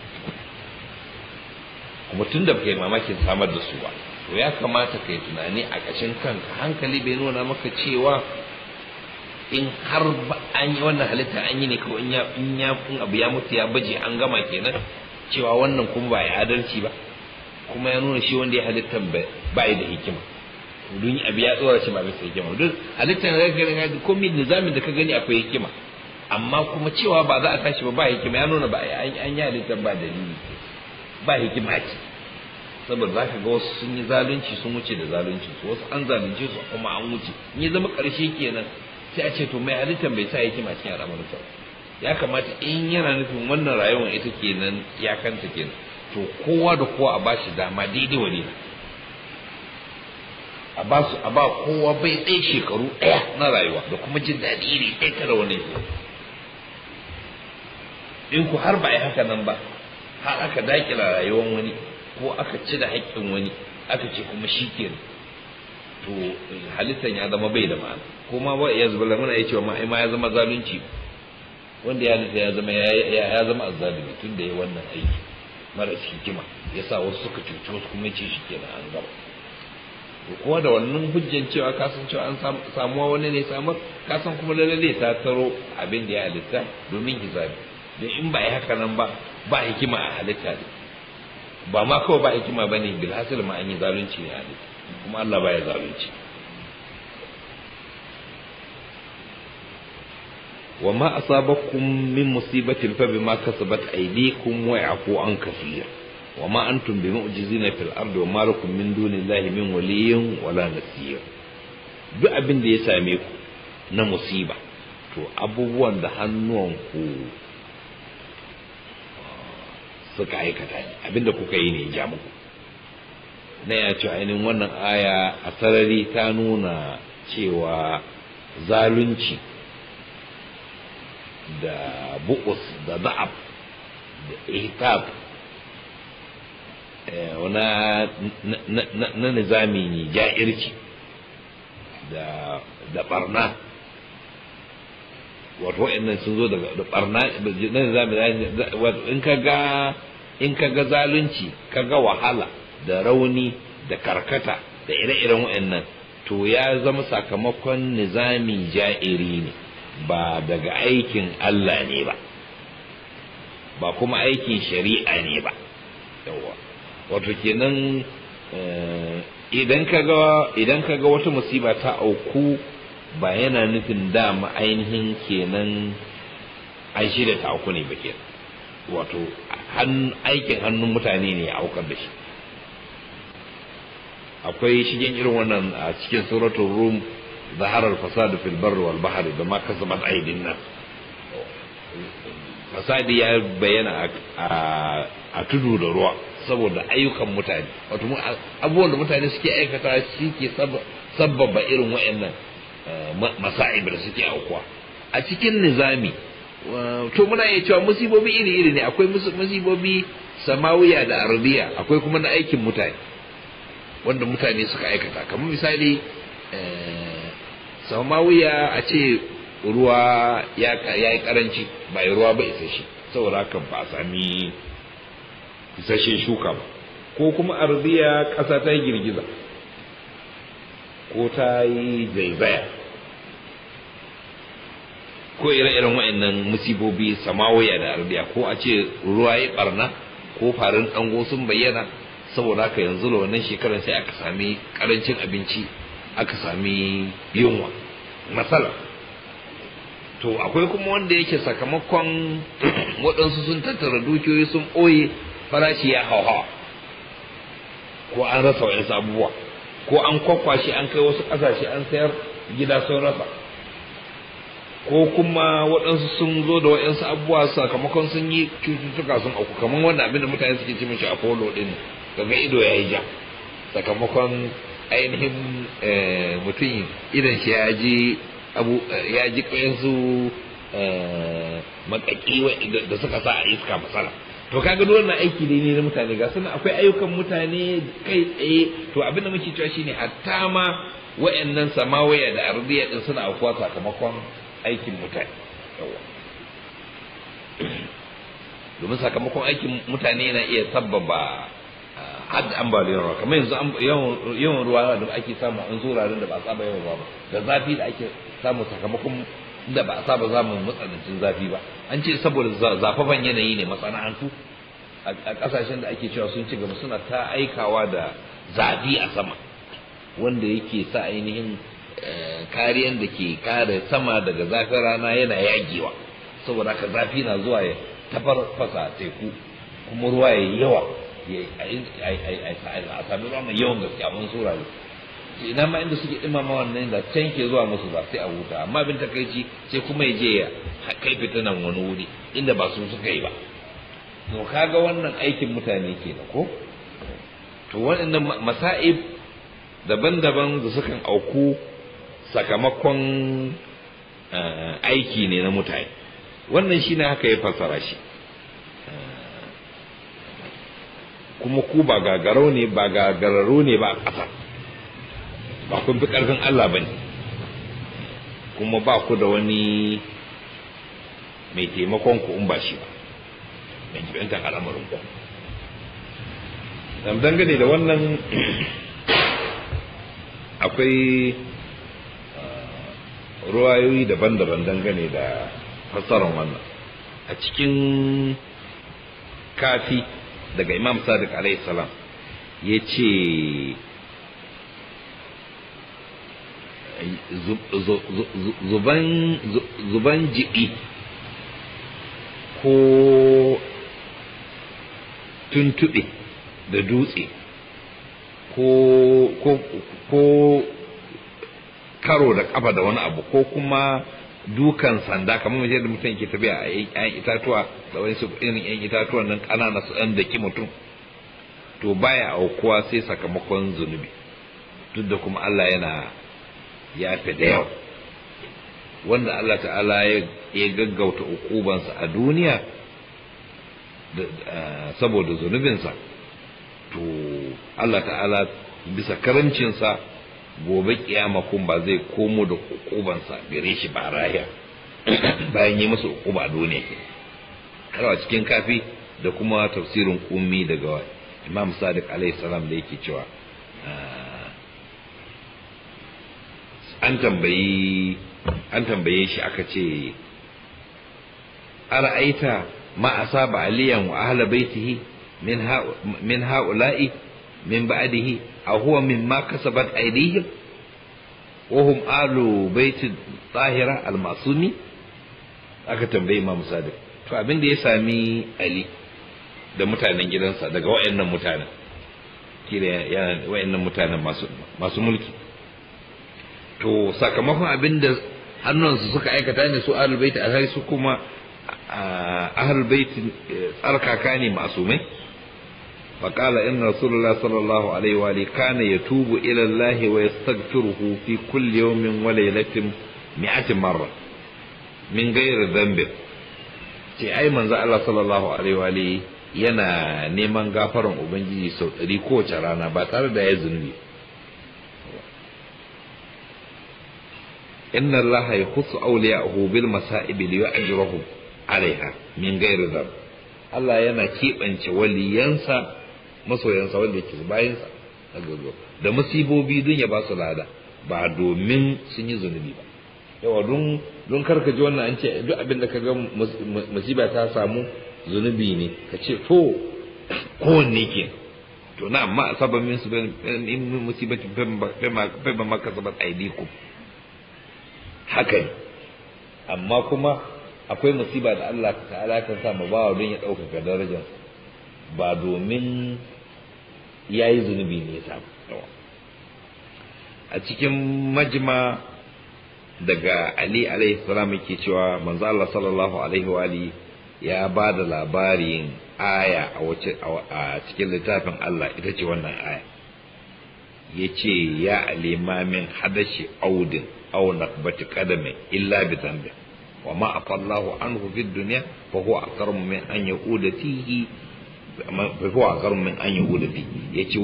kuma tun da kai mamakin samar da su ba to ya kamata kai tunani a ƙashin kanka hankali bai nuna maka cewa in har an yi wannan halitta an yi ne kawai in ya in abu ya mutu ya baje an gama kenan cewa wannan kuma ba ya adalci ba kuma ya nuna shi wanda ya halitta ba ya da hikima dun abi ya tsora shi ba bisa hikima duk halittar da ka gani komai nizamin da ka gani akwai hikima amma kuma cewa ba za a tashi ba ba hikima ya nuna ba an yi halittar ba dalili ba hikima ce saboda za ka ga wasu sun yi zalunci sun wuce da zalunci su wasu an zalunce su kuma an wuce in ya zama karshe kenan sai a ce to mai halittar bai sa hikima cikin al'amuransa ya kamata in yana nufin wannan rayuwar ita kenan ya kanta kenan to kowa da kowa a bashi dama daidai wani ne a ba su a ba kowa bai ɗaya shekaru ɗaya na rayuwa da kuma jin daɗi iri ɗaya ta wani. in ku har ba a yi haka nan ba har aka daƙila rayuwar wani ko aka ci da haƙƙin wani aka ce kuma shi kenan to halittar ya zama bai da ma'ana kuma wa ya zuba lamuna ya ce wa ma'aima ya zama zalunci wanda ya halitta ya zama ya zama azzalumi tun da ya wannan aiki mara hikima ya sa wasu suka cuci wasu kuma ya ce shi na an gaba to kuma da wannan hujjan cewa ka san cewa an samuwa wani ne samar ka san kuma lalle ta taro abin da ya halitta domin hizabi da in ba ya haka nan ba ba hikima a halitta ne ba ma kawai ba hikima ba ne bilhassil ma an yi zalunci ne a halitta kuma Allah ba ya zalunci wa ma asabakum min musibatin fa bima kasabat aydikum wa yafu an kaseer wa ma antum bi mu'jizina fil ardi wa ma lakum min dunillahi min waliyyin wala duk abin da ya same ku na musiba to abubuwan da hannuwanku suka aikata ne abin da kuka yi ne ja muku na ya ce ainihin wannan aya a sarari ta nuna cewa zalunci da bu'us da za'ab da ihtab Eh, na nizami ne ja'irci da barna wato wa'annan sun zo daga barna na nizami wato in ka ga in ka ga zalunci ka ga wahala da rauni da karkata da ire-iren wa'annan to ya zama sakamakon nizami ja'iri ne ba daga aikin Allah ne ba ba kuma aikin shari'a ne ba yawwa wato kenan eh, idan kaga idan kaga wata musiba ta auku ba yana nufin dama ainihin kenan an shirya ta auku ne ba kenan wato aikin hannun mutane ne aukar da shi akwai shigen irin wannan a cikin suratul rum zaharar fasadu fil barri wal bahri da ma kasabat aidin nan fasadi ya bayyana a tudu da ruwa saboda ayyukan mutane wato abubuwan da mutane suke aikata shi ke sabbaba irin wa'annan eh, masa'ib da suke aukuwa a cikin nizami eh, to muna iya cewa musibobi iri iri ne akwai musibobi samawiya da arabiya akwai kuma na aikin mutane wanda mutane suka aikata kamar misali eh, samawiya a ce ruwa ya yi karanci ba ruwa ba isa shi saboda haka ba sami isasshen shuka ba ko kuma arziya ƙasa ta yi girgiza ko ta yi zaizaya ko ire-iren wa'annan musibobi samawaya da arziya ko a ce ruwa ya barna ko farin ɗango sun bayyana saboda haka yanzu da wannan shekarar sai aka sami ƙarancin abinci aka sami yunwa Masala. to akwai kuma wanda yake sakamakon waɗansu sun tattara dukiyoyi sun ɓoye farashi ya hauhawa ko an rasa 'yansu abubuwa ko an kwakwashe an kai wasu ƙasashe an sayar gida sun rasa ko kuma waɗansu sun zo da waɗansu abubuwa sakamakon sun yi cututtuka sun auku kamar wanda abin da mutane suke ce mishi polo ɗin daga ido ya yi ja sakamakon ainihin eh, mutum idan shi ya ji abu eh, ya ji ƙwayansu eh, makaƙi da suka sa a iska matsala to kaga duk wannan aiki dai ne na mutane ga sunan akwai ayyukan mutane kai tsaye to abin da muke cewa shine hatta ma wayannan samawaya da ardiya din suna aukuwa sakamakon aikin mutane domin sakamakon aikin mutane na iya sabbaba ah, hadda ambaliyar ruwa kamar yanzu yawan ruwa da ake samu an zo da ba a saba yawan ruwa ba da zafi da ake samu sakamakon Inda ba a saba mu matsanancin zafi ba an ce saboda zafafan yanayi ne masana'antu a kasashen da ake cewa sun ci gaba suna ta aikawa da zafi a sama wanda yake sa ainihin eh, kariyan da ke kare sama daga zafin rana yana yagewa saboda haka zafi na zuwa ya tafar fasa teku kuma ruwa ya yawa a sami ruwa mai yawan gaske a wani ina ma inda suke ma wannan da can ke zuwa musu ba sai a huta amma bin takaici sai kuma ya je ya kai nan wani wuri inda ba su suka yi ba to kaga wannan aikin mutane kenan ko to waɗannan masa'ib daban-daban da sukan auku sakamakon eh, aiki ne na mutane wannan shine haka ya fassara shi eh, kuma ku ba gagarau ne ba ne ba a ƙasa ba kun fi ƙarfin Allah ba ne kuma ba ku da wani mai taimakon ku in ba shi ba mai jibantar al'amarin ku dangane da wannan akwai uh, ruwayoyi daban-daban dangane da fassarar wannan a cikin kafi daga imam sadiq alaihi salam ya ce zuban jiɗi ko tuntuɓe da dutse ko karo da ƙafa da wani abu ko kuma dukan sanda kamar mace da mutum ke tafiya a yan itatuwa da wani irin yan itatuwa nan ƙanana su ɗan daki mutum to baya aukuwa sai sakamakon zunubi duk da kuma Allah yana ya fi da yau wanda Allah ta'ala ya gaggauta ukubansa a duniya saboda zunubinsa to Allah ta'ala bisa karancinsa gobe kiyama kun ba zai komo da ukubansa gare shi ba raya bayan yi masa ukuba a duniya karawa cikin kafi da kuma tafsirin kummi daga imam sadiq alaihi salam da yake cewa an tambayi an tambaye shi aka ce ara'aita ma asaba aliyan wa ahla baitihi min ha min haula'i min ba'dihi a huwa mimma kasabat aydihim wa hum alu baiti tahira almasumi aka tambaye Imam Sadiq to abin da ya sami Ali da mutanen gidansa daga wayannan mutanen kire yana wayannan mutanen masu masu mulki to sakamakon abin da hannunsu suka aikata ne su ahlul a alhari su kuma ahlul eh, tsarkaka ne masumai فقال إن رسول الله صلى الله عليه وآله كان يتوب إلى الله ويستغفره في كل يوم وليلة مئة مرة من غير ذنب ce ai manzo Allah sallallahu alaihi wa yana neman gafaran ubangiji sau ɗari kowace rana ba tare da ya zunubi inna الله يخص awliya'ahu بالمصائب ليؤجرهم عليها من غير min الله Allah yana kebance waliyansa masoyansa wanda yake bayansa da musibobi dun ya ba su lada ba domin sun yi zunubi ba yawa dun dun karka ji wannan an ce duk abin da kaga musiba ta samu zunubi ne ka ce to ne ke to na amma sabamin su bin musibatin bai ba maka sabat aidikum haka ne amma kuma akwai musiba da Allah ta'ala kan sa mu bawa don ya ɗaukaka darajar ba domin ya yi zunubi ne ya a cikin majima daga Ali alaihi salam yake cewa manzo Allah sallallahu alaihi wa ali ya ba da labarin aya a wace a cikin littafin Allah ita ce wannan aya yace ya alimamin hadashi audin aw naqbati qadami illa bi وما wa ma عنه في الدنيا فهو fa من aqrabu min an فهو fihi من huwa aqrabu فيه an yauda fihi yace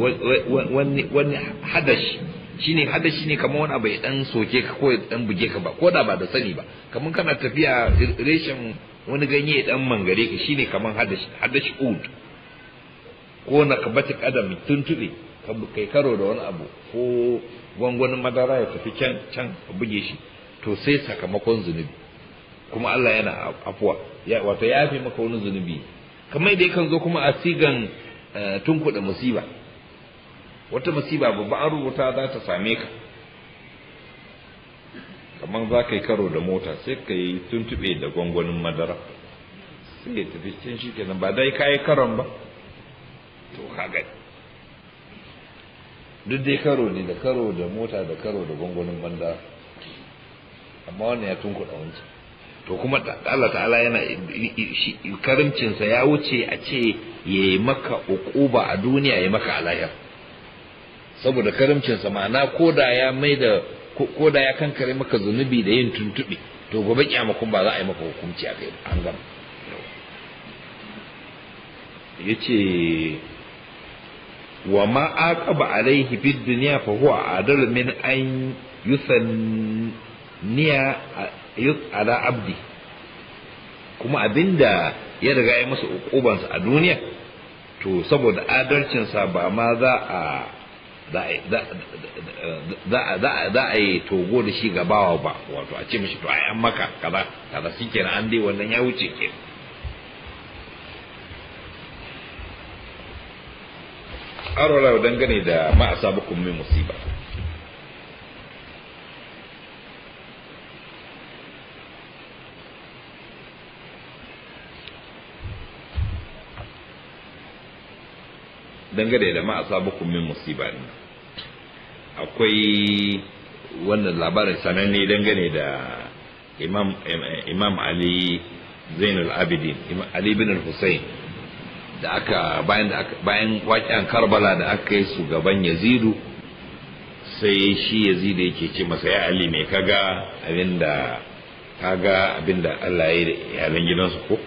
wani wani hadashi shine hadashi kamar wani abu ya dan soke ka ko ya dan buge ka ba ko da ba da sani ba kamar kana tafiya reshen wani ganye ya dan mangare ka shine kamar hadashi hadashi ud ko na naqbati kadam tuntube kai karo da wani abu ko gwangwanin madara ya tafi can can a buge shi to sai sakamakon zunubi kuma Allah yana afuwa wato ya fi maka wani zunubi kamar da yakan zo kuma a sigan eh, tunkuɗa musiba wata musiba babba an rubuta za ta same ka kamar za ka yi karo da mota sai ka yi tuntuɓe da gwangwanin madara sai ya tafi can shi kenan ba dai ka yi karon ba to ka gani duk dai karo ne da karo da mota da karo da gwangwanin banda amma wannan ya tunkuɗa wancan to kuma Allah ta'ala yana karimcinsa ya wuce a ce ya yi maka uquba a duniya ya yi maka alayar saboda karimcinsa ma'ana ko da ya mai da ko da ya kankare maka zunubi da yin tuntuɓe to gobe kyamakon ba za a yi maka hukunci a kai an gama ya ce wa ma aqaba alaihi bid dunya fa huwa adal min an yusanniya ala abdi kuma abinda ya riga ya masa ukubansa a duniya to saboda adalcinsa ba ma za a za a yi togo da shi gabawa ba wato a ce mashi to ai an maka kaza kaza an dai wannan ya wuce kenan arwala dangane da ma asabukum min musiba dangane da ma asabukum min musiba ne akwai wannan labarin sananne dangane da imam imam ali zainul abidin ali bin al-husayn da aka bayan da bayan waƙen Karbala da aka yi su gaban Yazidu sai shi Yazidu yake ce masa ya Ali me kaga abinda kaga abinda Allah ya yi da iyalan gidansu ko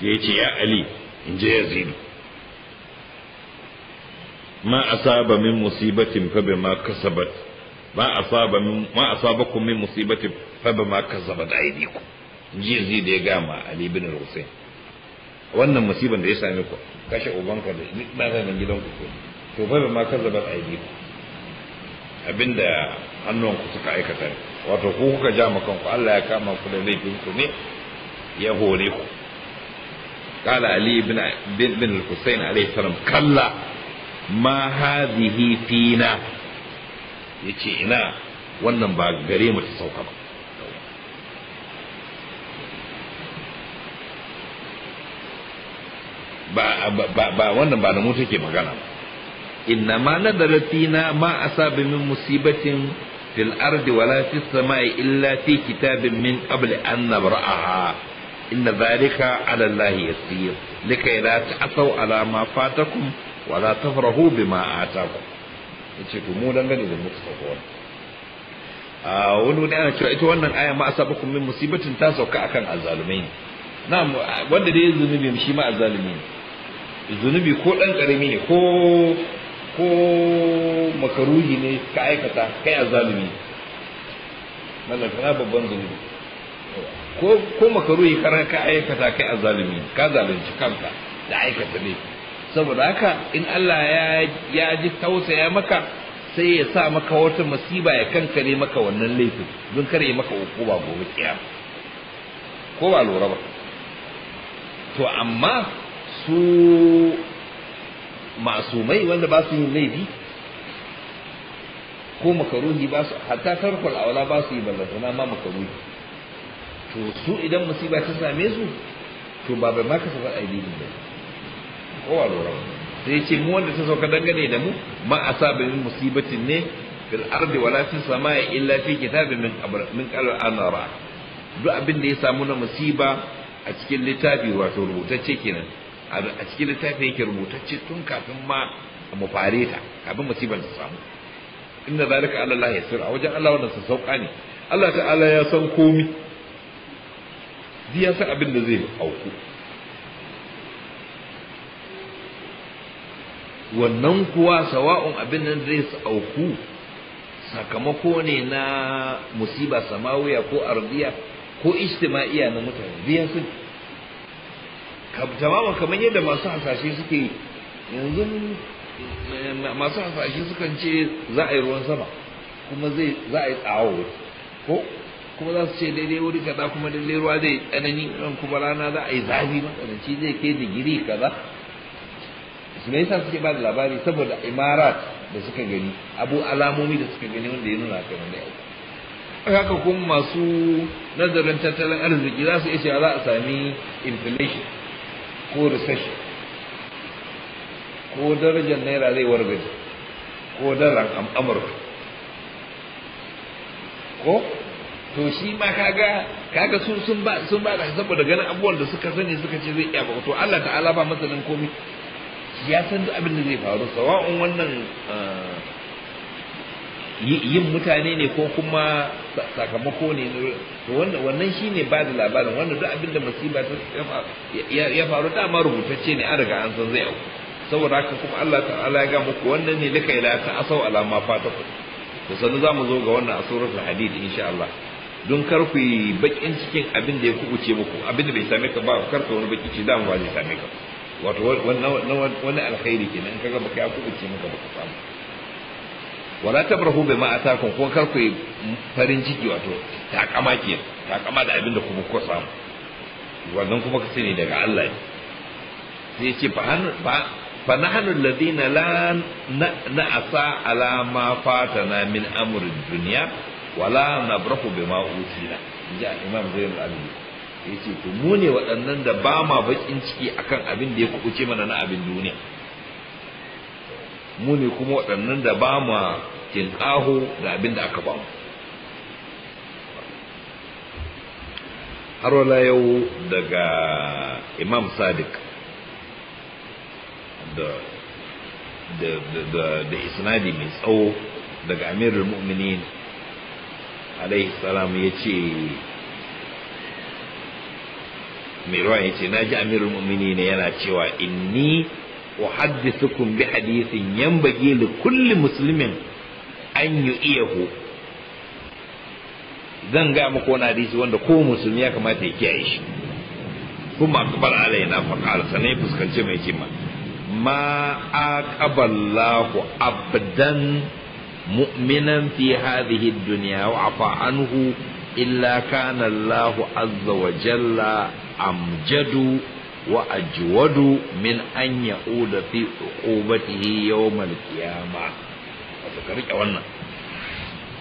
sai ya ce ya Ali in je Yazidu ma asaba min musibatin fa bima kasabat ma asaba min ma asabakum min musibatin fa bima kasabat aydikum je da ya gama Ali bin Hussein wannan musiban da ya same ku kashe ubanka da duk ɗazanin gidan ku ko to bai ma ka zabar aiki abinda ku suka aikata wato ku kuka ja kanku Allah ya kama ku da laifin ku ne ya hore ku قال علي بن بن الحسين عليه السلام كلا ما هذه فينا yace ina wannan ba gare mu ta sauka ba ba wannan ba da mu take magana inna ma nadaratina ma a min musibatin fil ardi wala fis samai illa fi kitabin min qabli an nabra'aha inna dhalika ala allah yasir likay la ta'asaw ala ma fatakum wala tafrahu bima atakum yace to mu dangane da mutu sabuwa a ah, wani wani ana cewa ita wannan aya ma asabakum min musibatin ta sauka akan azzalumai ne na'am wanda dai zunubi shi ma azalumai ne zunubi ko ɗan ƙarami ne ko ko makaruhi ne ka aikata kai a zalumi. azalumi mallaka babban zunubi ko ko makaruhi karan ka aikata kai a zalumi. ka zalunci kanka da aikata ne saboda haka in Allah ya ya ji tausaya maka sai ya sa maka wata masiba ya kankare maka wannan laifin don kare maka hukuma gobe kiyama ko ba lura ba to amma su masumai wanda ba su yin laifi ko makaruhi ba su hatta tarkul aula ba su yi ballantana ma makaruhi to su idan musiba ta same su to ba bai ma kasa ba aidini ba kowa lura sai ce mu wanda ta sauka dangane da mu ma a min musibatin ne fil ardi wala fi samai illa fi kitabin min qabr min qabl an duk abin da ya samu na musiba a cikin littafi wato rubutacce kenan a cikin littafin yake rubutacce tun kafin ma mu fare ta kafin musibar ta samu inna zalika ala Allah yasir a wajen Allah wannan sauka ne Allah ta'ala ya san komi ya san abin da zai auku wannan kuwa sawa'un abin nan zai auku sakamako ne na musiba samawiya ko ardiya ko ijtima'iya na mutane biyan san. tamaman kamar yadda masu hasashe suke yi yanzu eh, masu hasashe sukan ce za a yi ruwan sama kuma zai za a yi tsawo ko kuma za su ce daidai wuri kaza kuma daidai ruwa zai tsanani ran kuma rana za a yi zafi matsananci zai ke digiri kaza su me yasa suke ba da labari saboda imarat da suka gani abu alamomi da suka gani wanda ya nuna ka wanda ya haka kuma masu nazarin tattalin arziki za su iya cewa za a sami inflation ko sashi ko darajar naira zai wargaje ko a amurka ko to shi ma kaga kaga sun sun ba sun ba da saboda ganin abubuwan da suka sani suka ce zai iya ba to Allah ta'ala ba masanin komai ya san duk abin da zai faru sawa'un wannan ah, yin mutane ne ko kuma sakamako ne to wannan shine ba da labarin wannan duk abinda musiba ta ya faru dama rubutacce ne an riga an san zai auku saboda haka kuma Allah ta'ala ya ga muku wannan ne duka ila ta asau alama fataku to sanu za mu zo ga wannan a suratul hadid insha Allah don kar ku yi bakin cikin abin da ya kubuce muku abin da bai same ka ba kar ka wani baki ci da mu ba zai same ka wato wani alkhairi kenan kaga baka ya kubuce maka ku samu wala tabrahu bima atakum ko kar ku farin ciki wato ta kama ke kama da abin da kuma ku samu wannan kuma ka sani daga Allah ne sai ce fa nahnu alladhina la na'asa ala ma fatana min amri dunya wala nabrahu bima usila inji imam Zainul Abidin yace to mu ne waɗannan da ba ma bakin ciki akan abin da ya kuɓuce mana na abin duniya mu ne kuma waɗannan da ba ma ƙinƙaho da abin da aka ba mu har wala yau daga imam sadiq da da da da isnadi mai tsawo daga amirul mu'minin alaihi salam ya ce mai ruwan ya ce na ji amirul mu'minin yana cewa inni uhaddithukum bi hadithin yanbaghi li kulli muslimin an yu'iyahu zan gaya muku wani hadisi wanda ko musulmi ya kamata ya kiyaye shi kuma akbar alaina fa qala sanai fuskanci mai kima ma aqaballahu abdan mu'minan fi hadhihi ad-dunya wa afa anhu illa kana Allahu azza wa jalla amjadu wa ajwadu min an ya'uda fi uqubatihi yawm al-qiyamah wato ka rike wannan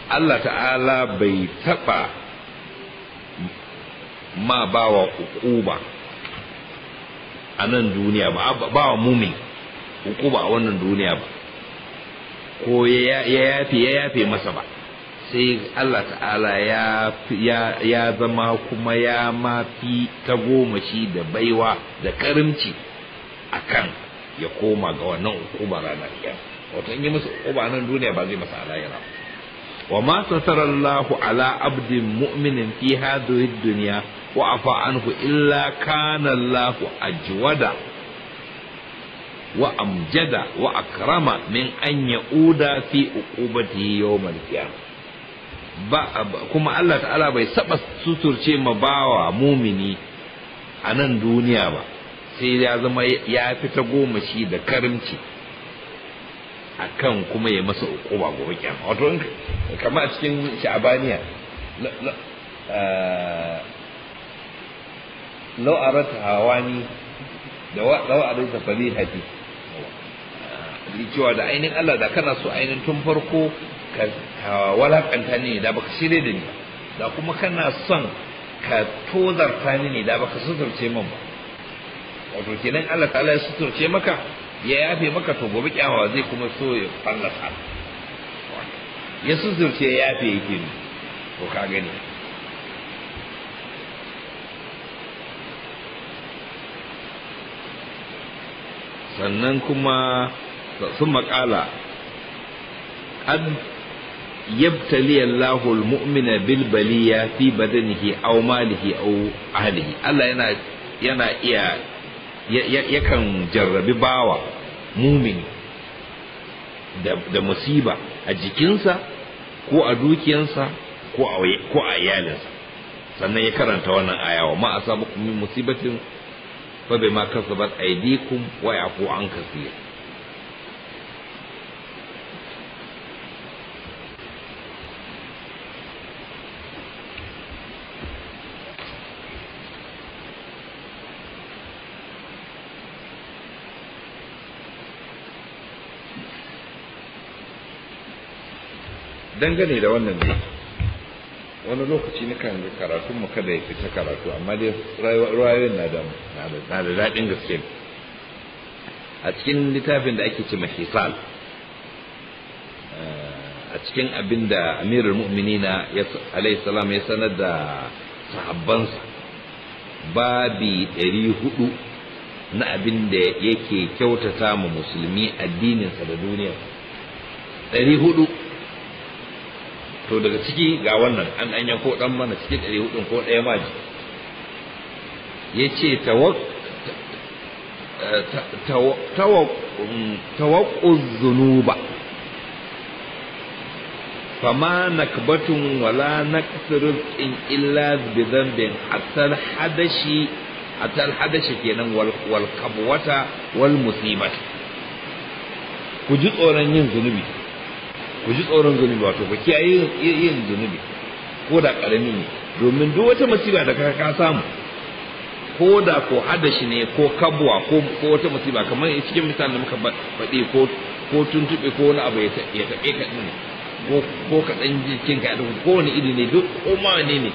Allah ta'ala bai taba ma bawa uquba a nan duniya ba bawa mumin uquba a wannan duniya ba ko ya yafe ya yafe masa ba sai Allah ta'ala ya zama kuma ya mafi ta goma shi da baiwa da karimci akan ya koma ga wannan hukuma ranar kiyama wato in yi musu hukuma nan duniya ba zai masa ba wa ma satarallahu ala abdin mu'minin fi hadhihi dunya wa afa anhu illa kana Allah ajwada wa amjada wa akrama min an ya'uda fi uqubati yawm al-qiyamah ba kuma Allah ta'ala bai saba suturce ma bawa mumini a nan duniya ba sai ya zama ya fita goma shi da karimci a kan kuma ya masa ukuba gobe kyamma wato kama a cikin sha'abaniya lau eh, arata hawani da lau arata falihati eh, cewa da ainihin Allah da kana so ainihin tun farko Ah, walakanta ni da baka shirye da ni da kuma kana son ka tozarta ni ne da baka suturce min ba wato kenan Allah ta'ala ya suturce maka ya yafe maka to gobe kyawawa zai kuma so ya fallasa ya suturce ya yafe yake ni ko ka gani sannan kuma sun maƙala yabtali Allahu almu'mina bil baliya fi badanihi aw malihi aw ahlihi Allah yana yana iya yakan jarrabi bawa mumini da, da musiba a jikinsa ko a dukiyansa ko a iyalinsa sannan ya karanta wannan aya wa ma asabakum min musibatin fa bima kasabat aydikum wa yafu an kaseer dangane da wannan ne wani lokaci na kan karatun mu kada ya fita karatu amma dai rayuwar na da na da daɗin gaske a cikin littafin da ake ce mahisal eh, a cikin abin da amirul mu'minina alayhi salam ya sanar da sahabbansa babi ɗari na abin da yake kyautata mu musulmi addininsa da duniya ɗari to daga ciki ga wannan an dan yanko dan mana ciki dare hudu ko daya maji yace tawak tawak tawak zunuba kama nakbatun wala naksirun in illa bi dhanbin atal hadashi kenan wal kabwata wal musibati ku ji tsoron yin zunubi ku ji tsoron zunubi wato ba kiyaye yin zunubi ko da karami ne domin duk wata masiba da ka samu ko da ko hadashi ne ko kabwa ko wata masiba kamar cikin misalin da muka faɗi ko ko tuntuɓe ko wani abu ya taɓe ka ɗin ko ka ɗan jikin ka ɗin ko wani iri ne duk koma ne ne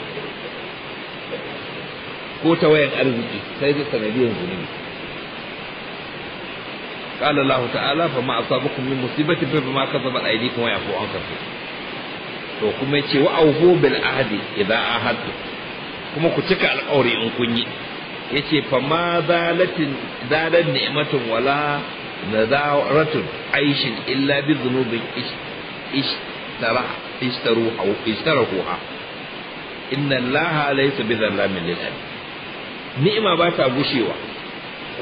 ko ta wayan arziki sai dai sanadiyar zunubi qala Allah ta'ala fa ma asabakum min musibatin fa bima kasabat aydikum wa yafu an kafu to kuma yace wa awfu bil ahdi idza ahadtu kuma ku cika alƙawari in kun yi yace fa ma zalatin zalan ni'matun wala nazaratun aishin illa bi dhunubin ishtara ishtaruha ishtarahuha inna allaha laysa bi dhallamin lil ni'ima ba ta gushewa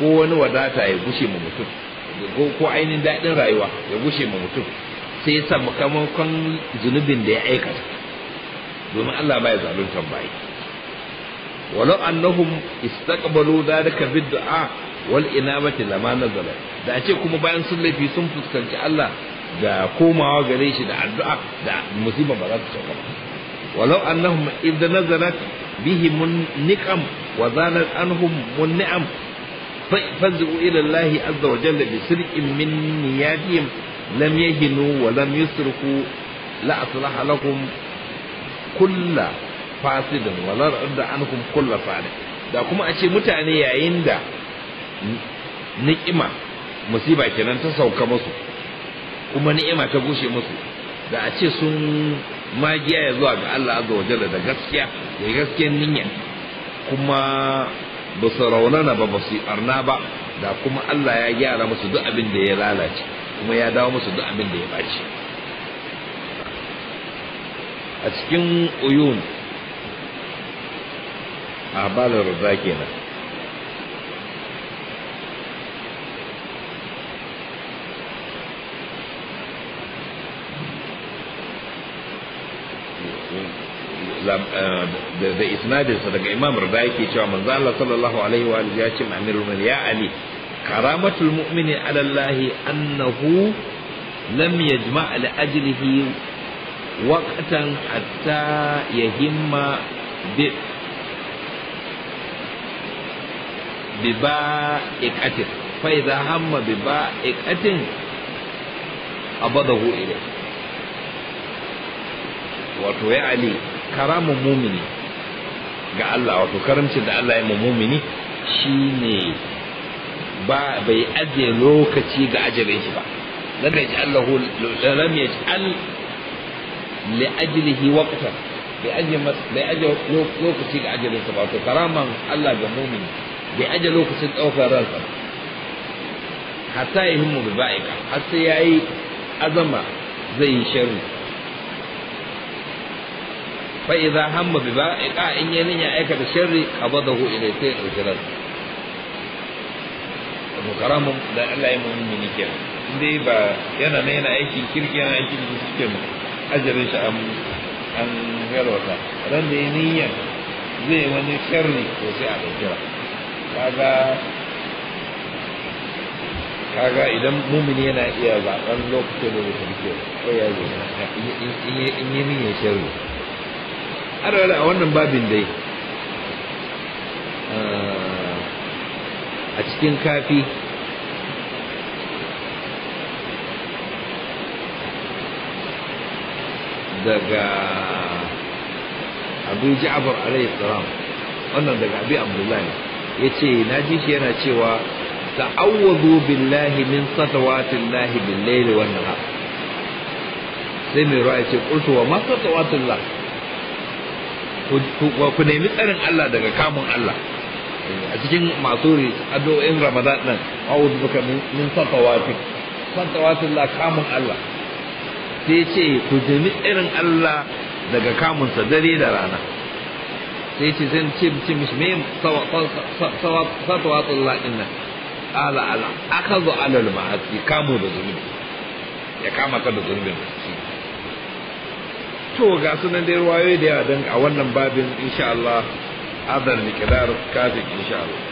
ko wani wadata ya gushe mu mutum ko ainihin daɗin rayuwa ya gushe ma mutum sai ya samu makamakon zunubin da ya aikata domin Allah baya zaluntar bayi walau annahum istaqbalu dalika bid'a wal inabati lama nazala da ce kuma bayan sun laifi sun fuskanci Allah da komawa gare shi da addu'a da musiba ba za ta sauka ba walau annahum idza nazalat bihim niƙam wa zanat anhum ni'am. فانزعوا إلى الله عز وجل بسرء من نياتهم لم يهنوا ولم يسرفوا لا أصلح لكم كل فاسد ولا رد عنكم كل فاسد da kuma a ce mutane yayin da ni'ima musiba kenan ta sauka musu kuma ni'ima ta gushe musu da a ce sun magiya ya zuwa ga Allah azza wajalla da gaskiya da gaskiyar niyya kuma ba su raunana ba ba su arna ba da kuma Allah ya gyara musu duk abin da ya lalace kuma ya dawo musu duk abin da ya bace a cikin uyun a balar da kenan Eh, da isnadinsa daga imam da yake cewa manzo Allah sallallahu alaihi wa alihi ya ce ma amirul ya ali karamatul mu'mini ala Allah annahu lam yajma' li ajlihi waqtan hatta yahimma bi biba'iqatin fa idza hamma ikatin abadahu ilayhi wato ya ali karamin mumini ga Allah wato karamcin da Allah ya mu mumini shine ba bai ajiye lokaci ga ajalin shi ba lam yaj'alahu lam yaj'al li ajlihi waqtan bai ajiye bai ajiye lokaci ga ajalin shi ba to karaman Allah ga mumini bai ajiye lokacin daukar ransa hatta yahimmu bi ba'ika har ya yayi azama zai yi sharri fa idza hamma bi ba'iqa in yayin ya aikata sharri qabadahu ilayhi sai dauki ran to karamun da Allah ya mu'mini ke indai ba yana ne yana aikin kirki yana aikin kirki mu ajarin shi an an yarwata ran da niyyar zai wani sharri ko sai a dauki ran kaga kaga idan mumini yana iya zaɓen lokacin da mutum ke ko ya zo in yi niyyar sharri alwala a wannan babin dai ah, a cikin kafi daga abu ja'far alayhi salam wannan daga abi abdullahi na ji shi yana cewa ta'awwadu billahi min satawatin bil-layli wannan nahar sai mai ruwa ce qultu wa ma satawatullah ku nemi tsarin Allah daga kamun Allah a cikin masu addu'o'in Ramadan din a'udhu bika min satawatik satawatin la kamun Allah sai ce ku nemi tsarin Allah daga kamun sa dare da rana sai ce zan ce ce mishi me satawatin la inna ala ala akhadhu alal ma'asi kamu da zunubi ya kama ka da zunubin to ga sunan dai ruwaye da yawa dan a wannan babin insha Allah adar nikidar kaje insha Allah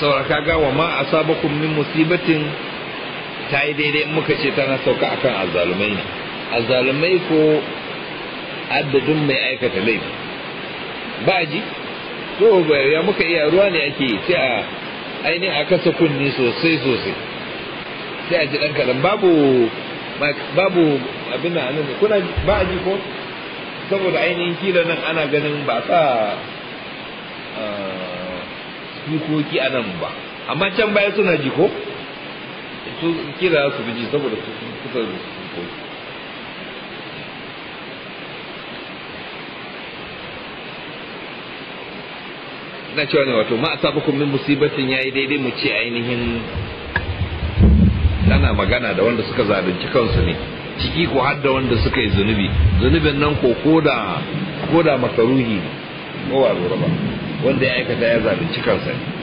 saboda kaga wa ma asabakum min musibatin ta yi daidai muka ce tana sauka akan azzalumai ne azzalumai ko addadin mai aikata laifi ba ji to ya muka iya ruwa ne ake sai a ainihin a kasa kunni sosai sosai sai a ji dan kaɗan babu babu abin da anan kuna ba a ji ko saboda ainihin kila nan ana ganin ba sa dukoki a nan ba amma can baya suna ji ko kila su ji saboda su kusa dukoki na cewa ne wato ma asabakum min musibatin yi daidai mu ce ainihin ana magana da wanda suka zalunci kansu ne ciki ko har da wanda suka yi zunubi zunubin nan ko koda koda ko ne ko ba wanda ya aikata ya zalunci kansa ne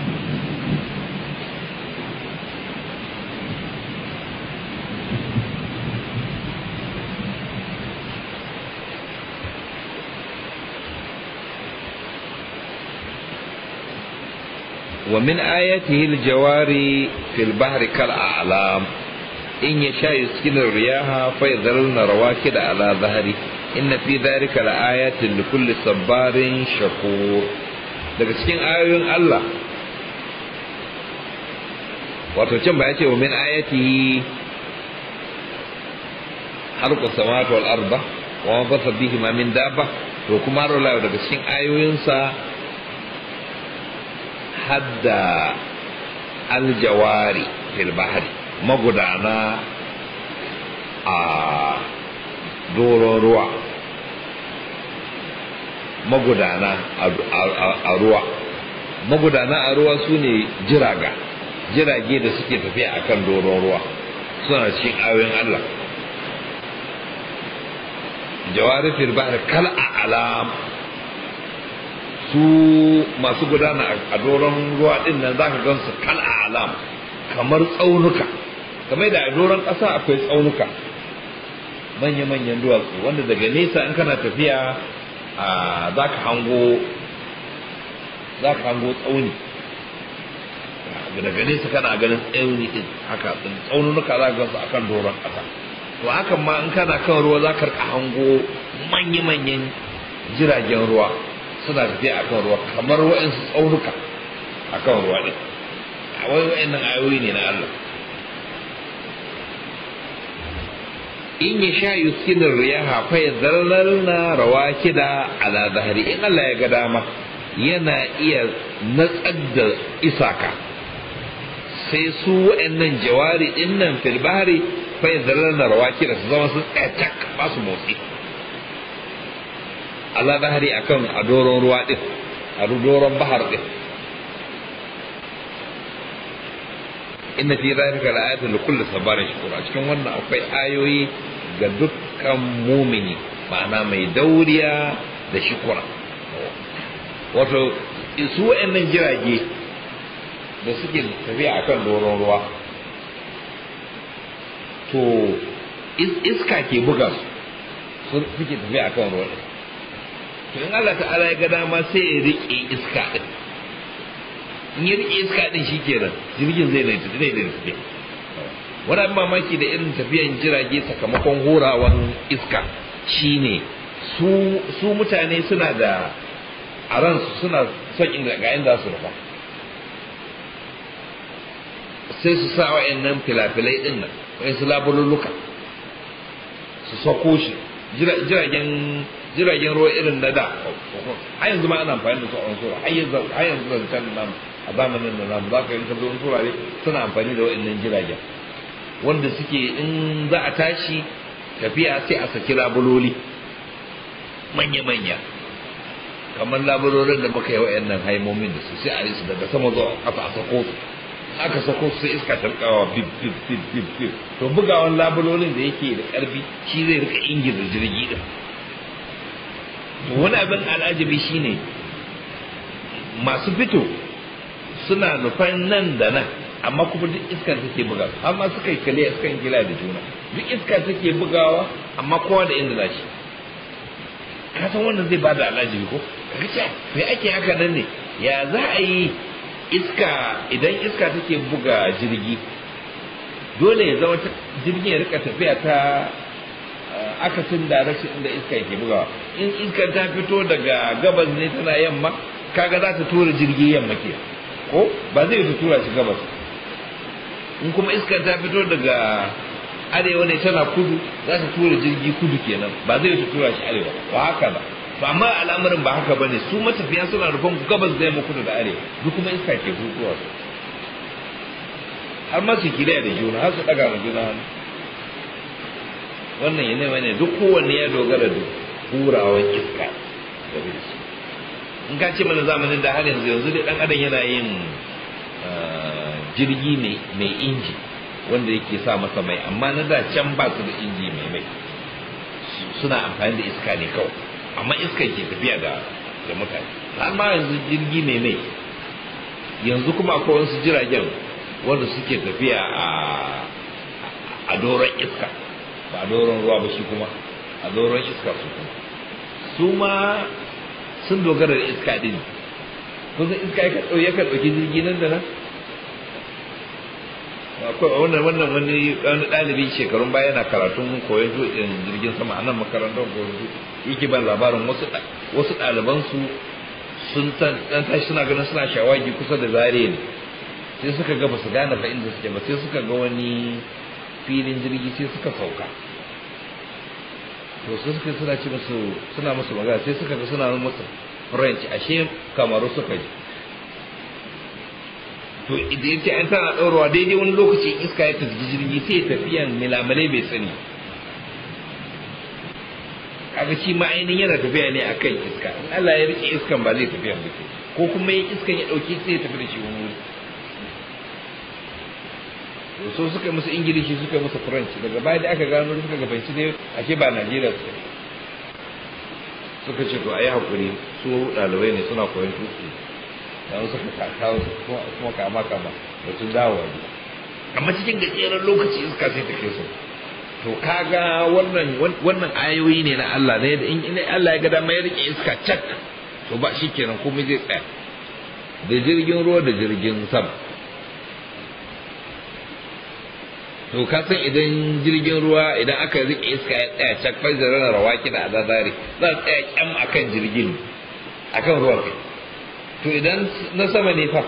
ومن آياته الجواري في البحر كالأعلام إن يشاء يسكن الرياح فيذرن رواكد على ظهري إن في ذلك لآيات لكل صبار شكور daga cikin ayoyin Allah wato can ba ya ce wa min ayatihi harku samawati wal arda wa ma basa ma min to kuma daga cikin ayoyinsa hadda aljawari fil bahri magudana a ruwa magudana a ruwa magudana a ruwa jiraga jirage da suke tafiya akan doron ruwa suna cikin ayoyin Allah jawarifin bahar kal a alam su masu gudana a doron ruwa din nan zaka gan su kal alam kamar tsaunuka kamar da a doron ƙasa akwai tsaunuka manya-manyan duwatsu wanda daga nesa in kana tafiya a zaka hango zaka hango tsauni daga nesa kana ganin tsauni din haka tsaunuka za ka gansu akan doron ƙasa to hakan ma in kana kan ruwa za ka hango manya-manyan jiragen ruwa suna tafiya a kan ruwa kamar su tsaunuka a kan ruwa ɗin wai nan ayoyi ne na Allah in ya sha yuskinin riyaha fa ya zallalna kida ala zahari in Allah ya ga dama yana iya natsar da isaka sai su nan jawari in nan filbari fa ya zallalna kida su zama sun tsaya tak ba su motsi ala bahari akan a doron ruwa din a doron bahar din inna fi zalika la'atun li kulli sabarin shukura cikin wannan akwai ayoyi ga dukkan mumini ma'ana mai dauriya da shukura wato su wa'annan jirage da suke tafiya akan doron ruwa to iska ke buga su suke tafiya akan ruwa to in Allah ta'ala ya ga dama sai ya riƙe iska din in ya riƙe iska din shikenan jirgin zai laita zai laita wani abin mamaki da irin tafiyan jirage sakamakon horawan iska shine su su mutane suna da a ransu suna son inda ga inda su rufa sai su sa nan filafilai din nan wa'ansu luka su sako shi jiragen jiragen ruwa irin na da har yanzu ma ana amfani da su a sura har yanzu har yanzu da kan nan a zamanin da namu za ka yi kazo turare suna amfani da wa'annan jiragen wanda suke in za a tashi tafiya sai a saki labuloli manya-manya kamar labulorin da muka yi wa'annan haimomin da su sai a yi su daga sama zuwa kafa a sako su aka sako su iska ta rikawa bib bib bib bib bib to bugawan labulolin da yake da karfi shi zai rika ingiza jirgi din wani abin al'ajabi shine masu fito suna nufan nan da nan amma kuma duk iska take bugawa amma suka yi kale suka gila da juna duk iska take bugawa amma kowa da inda zashi ka san wannan zai bada al'ajabi ko kaga ce me ake haka nan ne ya za a yi iska idan iska take buga jirgi dole ya zama jirgin ya rika tafiya ta eh, akasin da rashin inda iska yake bugawa in iska ta fito daga gabas ne tana yamma kaga za ta tura jirgi yamma ke ko ba zai ta tura shi gabas in kuma iska ta fito daga arewa ne tana kudu za ta tura jirgi kudu kenan ba zai ta tura shi arewa ba haka ba to amma al'amarin ba haka bane su matafiya suna rufan gabas da yamma da arewa duk kuma iska ke zuwa su har ma su da juna har su daga ma juna hannu wannan yana mai duk kowanne ya dogara da hurawan iska da bin su in ka ce mana zamanin da har yanzu yanzu dai dan adam yana yin eh, jirgi mai inji wanda yake sa masa mai amma na da can ba su da inji mai mai suna amfani da iska ne kawai amma iskar ke tafiya da da mutane har ma yanzu jirgi ne ne yanzu kuma akwai wasu jiragen wanda suke tafiya a a doron iska ba doron ruwa ba shi kuma a doron iska su kuma su ma sun dogara da iska din kusan iska ya ka ɗauki jirgi nan da nan wannan wannan wani wani ɗalibi shekarun baya yana karatun koyon tuɗin jirgin sama a nan makarantar koyon yake ban labarin wasu wasu su sun ɗan tashi suna ganin suna shawagi kusa da zare ne sai suka ga ba su gane fa inda suke ba sai suka ga wani filin jirgi sai suka sauka to sai suka suna ci musu suna musu magana sai suka ga suna musu french ashe kamaru suka ji to idan yace an tana ɗaurawa daidai wani lokaci iska ya tafi jirgi sai tafiyan milamale bai sani kaga shi ma ainihin yana tafiya ne akan iska in Allah ya rike iskan ba zai tafiya ba ko kuma yin iskan ya ɗauki sai ya tafi da shi wani wuri so suka musu ingilishi suka musu french daga baya da aka gano suka ga dai ne ashe ba najeriya suka suka ce to a yi haƙuri su ɗalibai ne suna koyon tuki wasu ka kawo kuma kama kama sun dawa ne. amma cikin gajeren lokaci iska sai ta kai su to kaga wannan wannan ayoyi ne na Allah ne in Allah ya ga dama ya rike iska cak to ba shi kenan komai zai tsaya da jirgin ruwa da jirgin sama to ka san idan jirgin ruwa idan aka rike iska ya tsaya cak fa da rawa kida a zazare za tsaya kyam akan jirgin akan ruwan kai to idan na sama ne fa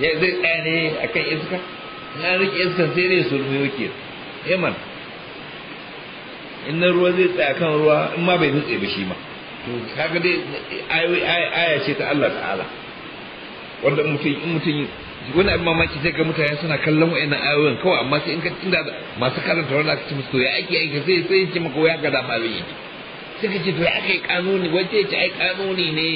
ya zai tsaya ne a kan iska na rike iska sai dai rufe yake yaman eh in na ruwa zai tsaya kan ruwa in ma bai nutse ba shi ma to kaga dai aya ce ta Allah ta'ala wanda mutum in mutum wani abin mamaki sai ga mutane suna kallon wa'annan ayoyin kawai amma sai in ka tunda masu karanta wani aka ce musu to ya ake aiki sai sai ce maka waya ga dama abin yake sai ka ce to ya aka yi kanuni wace ce ai kanuni ne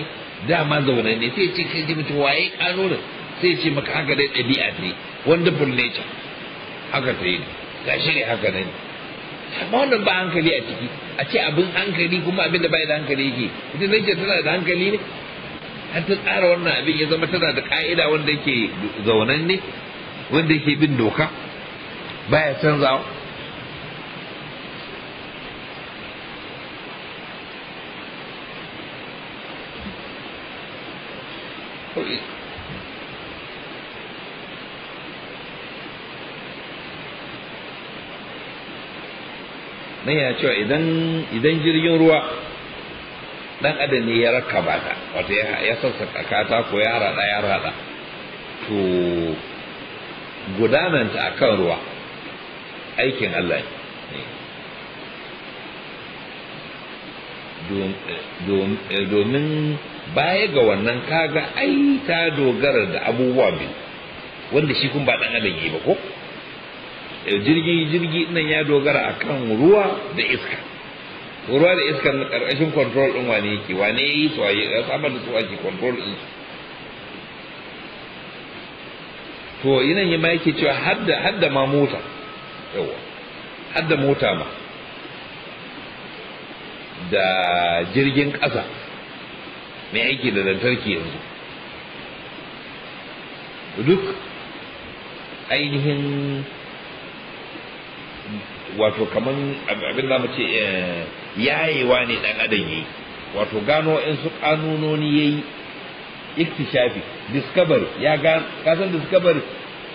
dama zaune ne sai ce kai ji mutum waye ne sai ce maka haka dai ɗabi'a ne wonderful nature haka ta yi ga shi ne haka ne amma wannan ba hankali a ciki a ce abin hankali kuma abin da bai da hankali yake ita nature tana da hankali ne har ta tsara wannan abin ya zama tana da ka'ida wanda yake zaunan ne wanda yake bin doka baya canzawa Manya nan yana cewa idan idan jirgin ruwa dan adam ne ya rakkaba ta wato ya sassaka katako ya rada ya rada to gudananta kan ruwa aikin Allah ne eh, eh, domin baya ga wannan kaga ai ta dogara da abubuwa biyu wanda shi kun ba dan adam ba ko eh, jirgi jirgi nan ya dogara akan ruwa da iska ruwa da iska na karkashin control din wane yake wane yayi su waye samar da su ake control din to yinan yi ma yake cewa hadda hadda ma mota yawa hadda mota ma da jirgin ƙasa mai aiki da lantarki yanzu duk ainihin wato kaman abin da ce eh, yayewa ne dan adam yayi wato gano in su kanunoni yayi iktishafi discovery ya ga kasan discovery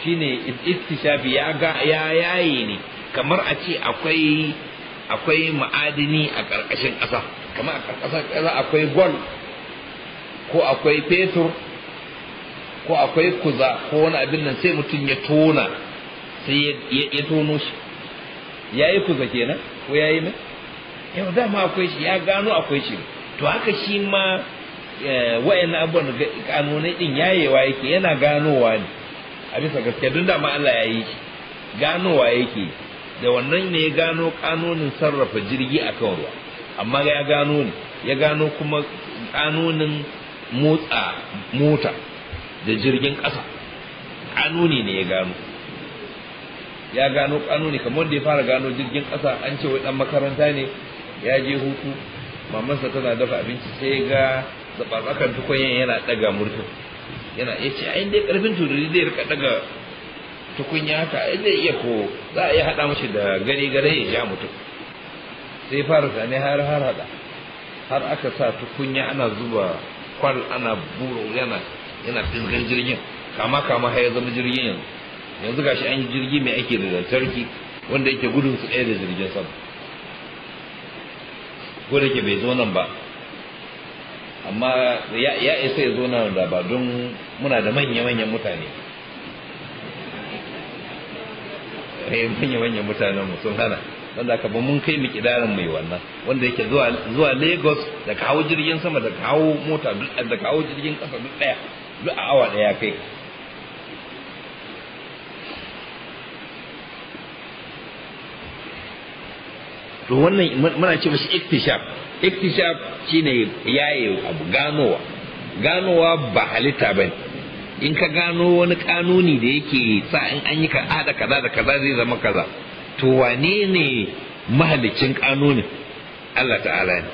shine iktishafi ya ga ya yayi ne kamar a ce akwai akwai ma'adini a ƙarƙashin ƙasa kamar a ƙarƙashin ƙasa akwai gold ko akwai fetur ko akwai kuza ko wani abin nan sai mutum ya tona sai ya tono shi ya yi kuza kenan ko ya yi mai yau dama akwai shi ya gano akwai shi to haka shi ma eh, wa'yan abubuwan kanonai din yayewa yake yana ganowa ne a bisa gaske don ma Allah ya yi ganowa yake da wannan ne ya gano kanonin sarrafa jirgi a kan ruwa amma ya gano ne ya gano kuma kanonin motsa mota da jirgin ƙasa ƙanuni ne ya gano ya gano ƙanuni kamar da ya fara gano jirgin ƙasa an ce wai ɗan makaranta ne ya je hutu mamansa tana dafa abinci sai ga tsakatsakan tukunyan yana ɗaga murtu. yana ya ce ayin dai ƙarfin tururi zai rika ɗaga tukunya haka zai iya ko za a iya haɗa mashi da gare gare ya ja mutum sai fara zane har har haɗa har aka sa tukunya ana zuba kwal ana buru yana yana fisgar jirgin kama kama har ya zama jirgin yanzu yanzu gashi an yi jirgi mai ake da lantarki wanda yake gudun su ɗaya da jirgin sama ko da ke bai zo nan ba amma ya isa ya zo nan da ba don muna da manya-manyan mutane eh, manya-manyan mutanen mu sun hana wanda ka ba mun kai mu kidarin mai wannan wanda yake zuwa zuwa Lagos da kawo jirgin sama da kawo mota duk da kawo jirgin kasa duk daya duk a awa daya kai to wannan muna ce mashi iktishaf iktishaf shine yaye abu ganowa ganowa ba halitta bane in ka gano wani kanuni da yake sa in an yi ka da kaza da kaza zai zama kaza to wane ne mahalicin kanuni? Allah ta'ala ne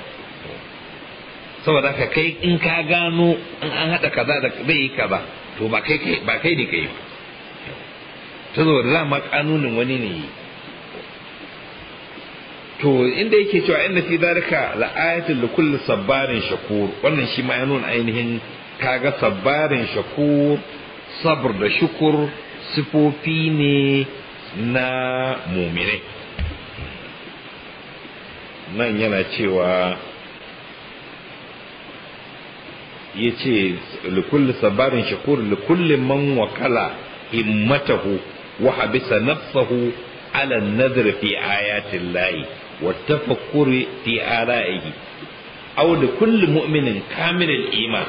saboda ka kai in ka gano in an haɗa kaza da zai yi kaza to ba kai ba kai ne yi ta saboda zama kanunin wani ne to inda yake cewa inna fi zalika da likulli sabbarin shakur wannan shi ma nuna ainihin kaga sabbarin shakur sabr da shukur sifofi ne na mumine nan yana cewa ya ce likulli sabarin shakur likulli man wakala himmatahu wa habisa nafsahu ala nazar fi ayatin layi wa tafakkuri fi ara'ihi aw da kulli mu'minin kamilin iman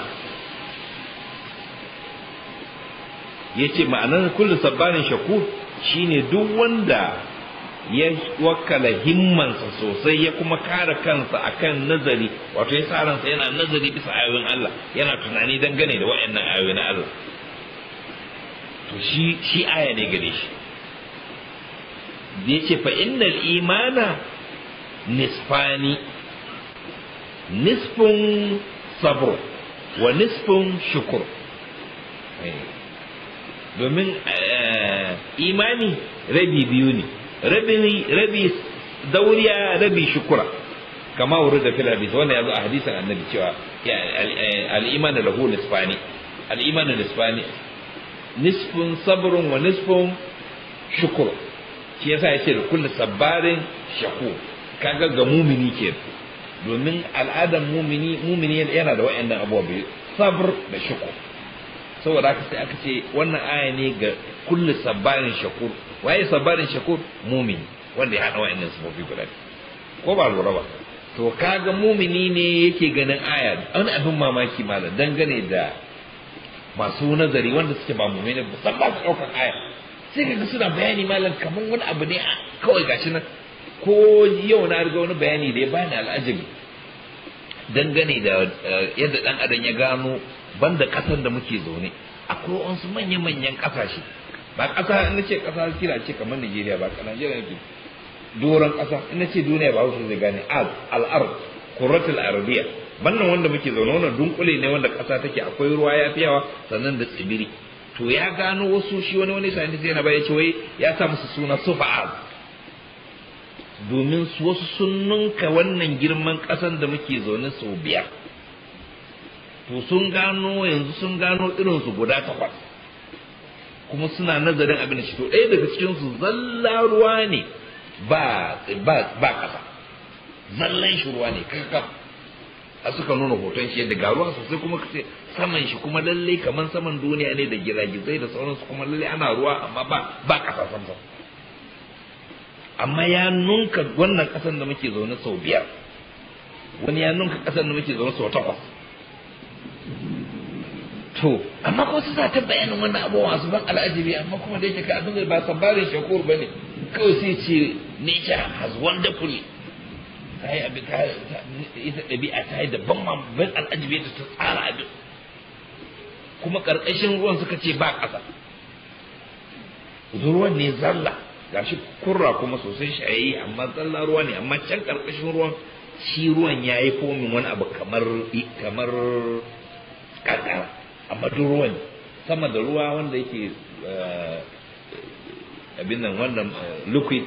ya ce ma'anar kulli sabarin shakur shine duk wanda ya wakala himmansa sosai ya kuma kare kansa akan nazari wato ya sa ransa yana nazari bisa ayoyin Allah yana tunani dangane da waɗannan ayoyi na Allah to shi shi aya ne gare shi da ce fa innal imana nisfani nisfun sabr wa nisfun shukur eh. domin eh, imani rabi biyu ne rabi dauriya rabi shukura kama wuri da fil hadis wannan yazo a hadisin annabi cewa eh, al-imanu lahu nisfani al-imanu nisfani nisfun sabrun wa nisfun shukur shi yasa yace da kullu sabarin shaku, kaga ga mumini ke domin al'adar mumini mumini yana da wa'annan abubuwa sabr da shukur saboda haka sai aka ce wannan aya ne ga kulli sabarin shakur waye sabarin shakur mumin wanda ya hada wa'annan mafi guda ko ba lura ba to kaga mumini ne yake ganin aya an abin mamaki malam dangane da masu nazari wanda suke ba mumini ba su daukan aya sai kaga suna bayani malam kamar wani abu ne kawai gashi nan ko yau na riga wani bayani da ya bani al'ajabi dangane da eh, yadda dan adam ya gano banda kasar da muke zaune akwai wasu manya-manyan kasashe ba kasa in ce ƙasa kira ce kamar nigeria ba ƙasa ne doron kasa in ce duniya ba wasu zai gane al'ar kurratul arabiya bannan wanda muke zaune wannan dunkule ne wanda ƙasa take akwai ruwa ya fi yawa sannan da tsibiri to ya gano wasu shi wani wani sai yana ba ya ce wai ya sa musu suna sufa'al domin wasu sun ninka wannan girman ƙasan da muke zaune sau biyar to sun gano yanzu sun gano irinsu guda takwas kuma suna nazarin abin shi to ɗaya daga cikinsu zalla ruwa ne ba ƙasa zallan shi ruwa ne kakaf a suka nuna hoton shi yadda ga ruwa sosai kuma kace saman shi kuma lalle kaman saman duniya ne da giragizai da sauransu kuma lalle ana ruwa amma ba ba ƙasa sam amma ya nunka wannan ƙasan da muke zaune sau biyar wani ya nunka ƙasan da muke zaune sau takwas to amma ko su sa ta bayanin wani abu su, ban al'ajabi amma kuma da yake ka abin da ba sabarin shakur ba ne kawai sai ce nature has wonderful ta yi abin ta ita ɗabi'a ta yi daban ma ban al'ajabi ta tsara abin kuma ƙarƙashin ruwan suka ce ba ƙasa ruwan ne zalla gashi kurra kuma sosai shayayi amma zalla ruwa ne amma can ƙarƙashin ruwan shi ruwan ya yi komin wani abu kamar kamar ƙanƙara amma duk ruwan sama da ruwa wanda yake eh, abin nan wannan eh, liquid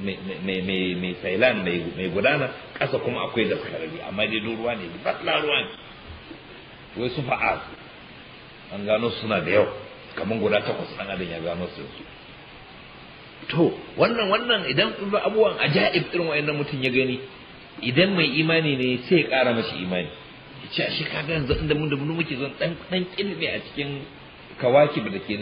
mai mai mai gudana ƙasa kuma akwai da karami amma dai duk ruwa ne batla ruwa ne wai su fa'a an gano suna da yau kamar guda takwas ɗan adam ya gano su to wannan wannan idan abubuwan ajaib irin wa'annan mutum ya gani idan mai imani ne sai ya ƙara mashi imani ce ka kaga yanzu inda mun da mun muke zan dan dan kilme a cikin kawaki da ke